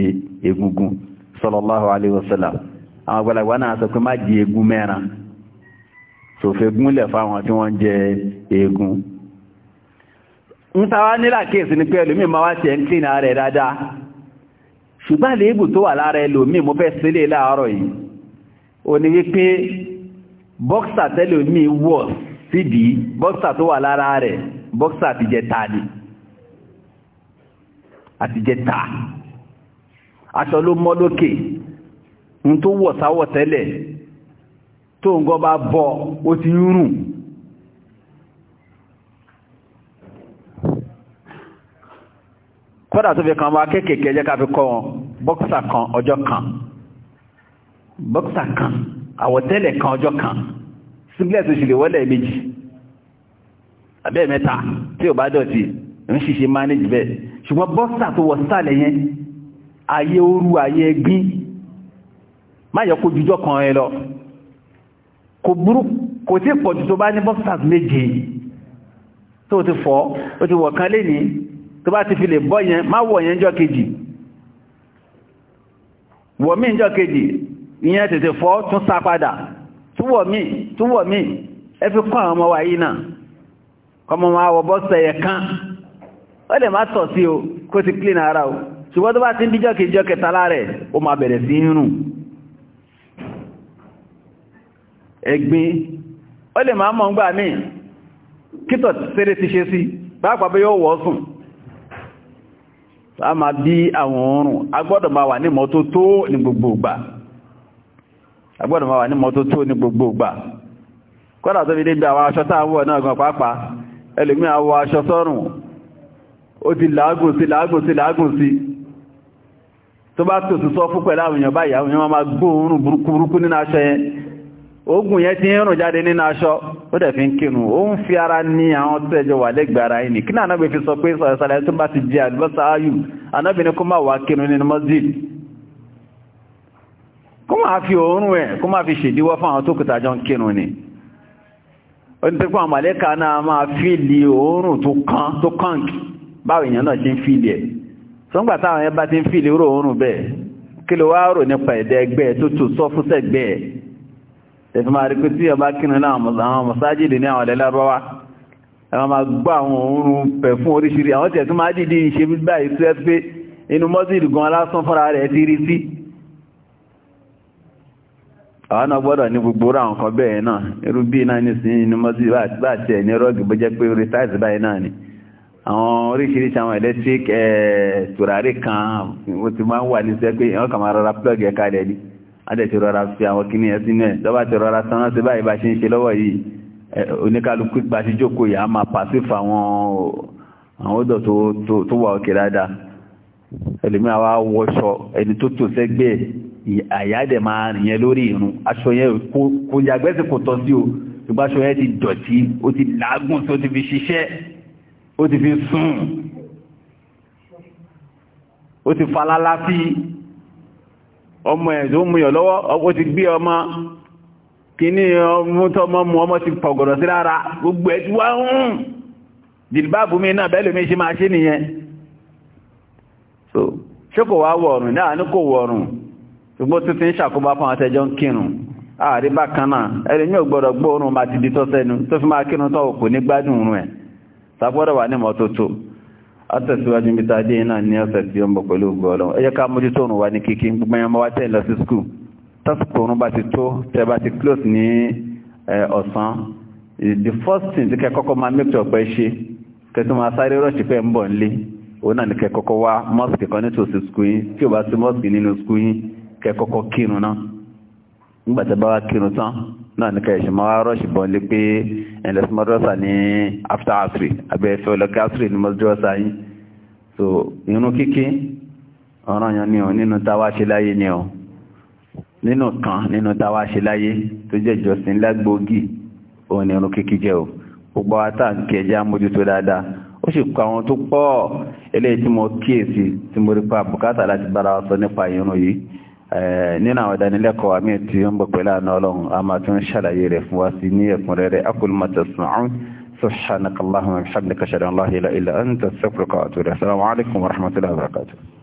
egungun sallallahu alaihi wasallam àwọn àgbàlagbà náà sọ pé má di egun mẹ́ran sòfè gúnlẹ̀ fáwọn tí wọ́n jẹ egun ń tàwa nílà kéèsì ni pé ẹlòmíì máa wá ń ara rẹ̀ dáadáa ṣùgbọ́n àléébù tó wà lára ẹlòmíì mo fẹ́ sílé láàárọ̀ yìí ó ní wípé bọ́ksà tẹ́lòmíì wọ̀ síbi bọ́ksà tó wà lára rẹ̀ bọ́ksà àtijẹta ni àtijẹta aṣọ ló mọ́ lókè tó wọ̀ sáwọ̀ tẹ́lẹ̀ tó ń gọ́ bá bọ́ ó ti ń rùn kódà tó fi kan wá kéékèèké jẹ́ ká fi kọ́ wọn bọ́ksà kan ọjọ́ kan bọ́ksà kan àwọ̀tẹ́lẹ̀ kan ọjọ́ kan singlet oṣù lè wọ́lẹ̀ méjì abẹ́ mẹ́ta tí ò bá dọ̀tí ń ṣiṣẹ́ manage bẹ́ẹ̀ ṣùgbọ́n bọ́ksà tó wọ sálẹ̀ yẹn ayé oru ayé gbín má yọ kó jùjọ́ kan ẹ lọ kò burú kò tí pọ̀jù tó bá ní bọ́ksà méje tó ti fọ́ ó ti wọ̀ kan lénìí tó bá ti fi lè bọ́ yẹn má wọ̀ yẹn jọ kejì wọ̀ mí jọ kejì ìyẹn tètè fọ́ tún sá padà túwọ̀ mí túwọ̀ mí ẹ fi kọ́ àwọn ọmọ wa yìí náà kọmọ máa wọ bọ́sẹ̀ yẹ kán ó lè má tọ̀ sí o kó ti clean ara o ṣùgbọ́n tó bá ti ń díjọ́ kejì kẹta láàrẹ̀ ó máa bẹ̀rẹ̀ sí ń ẹ̀gbin ó lè má mọ̀ ń gbà míì kítọ̀ sẹ́rẹ́ sí a máa bí àwọn oòrùn a ma máa wà ní mọ́tótó ní gbogbo ìgbà a gbọ́dọ̀ máa wà ní mọ́tótó ní gbogbo ìgbà kọ́dà tó fi dé bí àwọn aṣọ táwọn náà gan lagosi lagosi àwọ aṣọ sọ́rùn ó ti làágùn sí làágùn sí làágùn tó bá sọ fún pẹ̀lú àwọn báyìí ogun yẹn ti ń rùn jáde nínú aṣọ ó dẹ̀ fi ń kírun ó ń fi ara ní àwọn tó ẹjọ wà lẹ́gbẹ̀ẹ́ ara ẹni kí náà náà fi sọ pé sọ̀rọ̀sọ̀rọ̀ tó bá ti jẹ àdúgbọ́sà ayù anábìnrin kó máa wà kírun nínú mọ́síd kó máa fi òórùn ẹ̀ kó máa fi ṣèdíwọ́ fún àwọn tó kùtà jọ ń kírun ni ó ní pípọ́n àmàlẹ́kà náà máa fíìlì òórùn tó kán tó kánk báwo èèyàn náà ṣe ń fíìlì ẹ̀ sọ́ngbà táwọn ẹ bá ti ń fíìlì òórùn bẹ́ẹ̀ kí ló wá rò nípa ẹ̀dẹ́ tó tò sọ́fúnṣẹ́gbẹ́ tẹ̀sí máa rí pé tí ọba kínú náà àwọn mọ̀sájìdì ní àwọn ẹlẹ́lẹ́rọ́wá ẹwà máa gbọ́ àwọn oòrùn pẹ̀fún oríṣiríṣi àwọn tẹ̀sí máa dìdí ṣe báyìí tó ẹ́ pé inú mọ́sílì gan alásán fúnra rẹ̀ ti rí sí àwọn náà gbọ́dọ̀ ní gbogbo ra nǹkan bẹ́ẹ̀ ni àwọn oríṣiríṣi àwọn electric eh, tùràrí kan ó adẹ̀ ti rọra fi àwọn kíní ẹ̀ sínú ẹ̀ lọ́wọ́ ti rọra sanwó sí báyìí bá ṣe ń ṣe lọ́wọ́ yìí oníkálukú bá ti jókòó yìí a máa pàṣífà àwọn àwọn ọ̀dọ̀ tó wà òkè dáadáa ẹlòmí àwa wọṣọ ẹni tó tò sẹ́gbẹ́ àyádẹ̀ máa rìnyẹn lórí irun aṣọ yẹn kò yàgbẹ́ sí kò tọ́ sí o ṣùgbọ́n aṣọ yẹn ti dọ̀tí ó ti làágùn tó ti fi ṣiṣẹ́ ó ti fi sùn ó ti falálá fi ọmọ ẹ̀ tó mú yọ lọ́wọ́ ó ti gbé ọmọ kíní ọmọ tọmọ mú ọmọ ti pọ̀gọ̀rọ̀ sí lára gbogbo ẹ̀ wá ń jìlbáàbù mi náà bẹ́ẹ̀ lómi ṣe máa ṣe nìyẹn so ṣé kò wá wọ̀rùn náà ní kò wọ̀rùn ṣùgbọ́n tó ti ń ṣàkóbá fún àtẹjọ́ ń kírun ààrí bákan náà ẹni ní ògbọ́dọ̀ gbóòórùn máa ti di tọ́sẹ́nu tó fi máa kírun tọ́ òkú ní gbádùn rẹ̀ sàgbọ́dọ̀ wà ní mọ́tótó àtẹ̀síwájú bí tàdé náà ní ọ̀sẹ̀ tí ó ń bọ̀ pẹ̀lú gọ́ọ̀lọ́ ẹ jẹ́ ká mójútó òun wà ní kíkí gbogbo wá bá the first thing tí kẹ́kọ́kọ́ máa make sure pé ṣe kẹ́tí máa sáré rọ̀ṣì pé ń bọ̀ nílé òun náà ní kẹ́kọ́kọ́ wá mosque kan nítòsí skú yín tí ò tẹ́ náà ní kẹ̀ṣẹ̀ máa rọ́ṣì bọ́n lé pé ẹ̀lẹ́sì mọ́dúrọ́sà ní after asri abẹ́fẹ́ ọlọ́kẹ́ asri ní mọ́dúrọ́sà yìí so irun kíkí ọ̀ràn yẹn ni ọ nínú táwa ṣe láyé ni ọ nínú kan nínú táwa ṣe láyé tó jẹ́ ìjọsìn lágbógi òun ni irun kíkí jẹ́ o gbogbo wa tá à ń kí ẹja mójútó dáadáa ó sì kọ àwọn tó pọ̀ eléyìí tí mo kíyèsí tí mo rí pa bùkátà láti bára wa sọ nípa irun yìí nínú àwọn ìdánilẹ́kọ̀ọ́ àmì tí ó ń bọ̀ pẹ̀lú àná ọlọ́run a máa tún ṣàlàyé rẹ̀ fún wa sí ní ẹ̀kúnrẹ́rẹ́ akólúmọ̀tẹ̀sán subhanakallahumma wa bihamdika ashhadu an la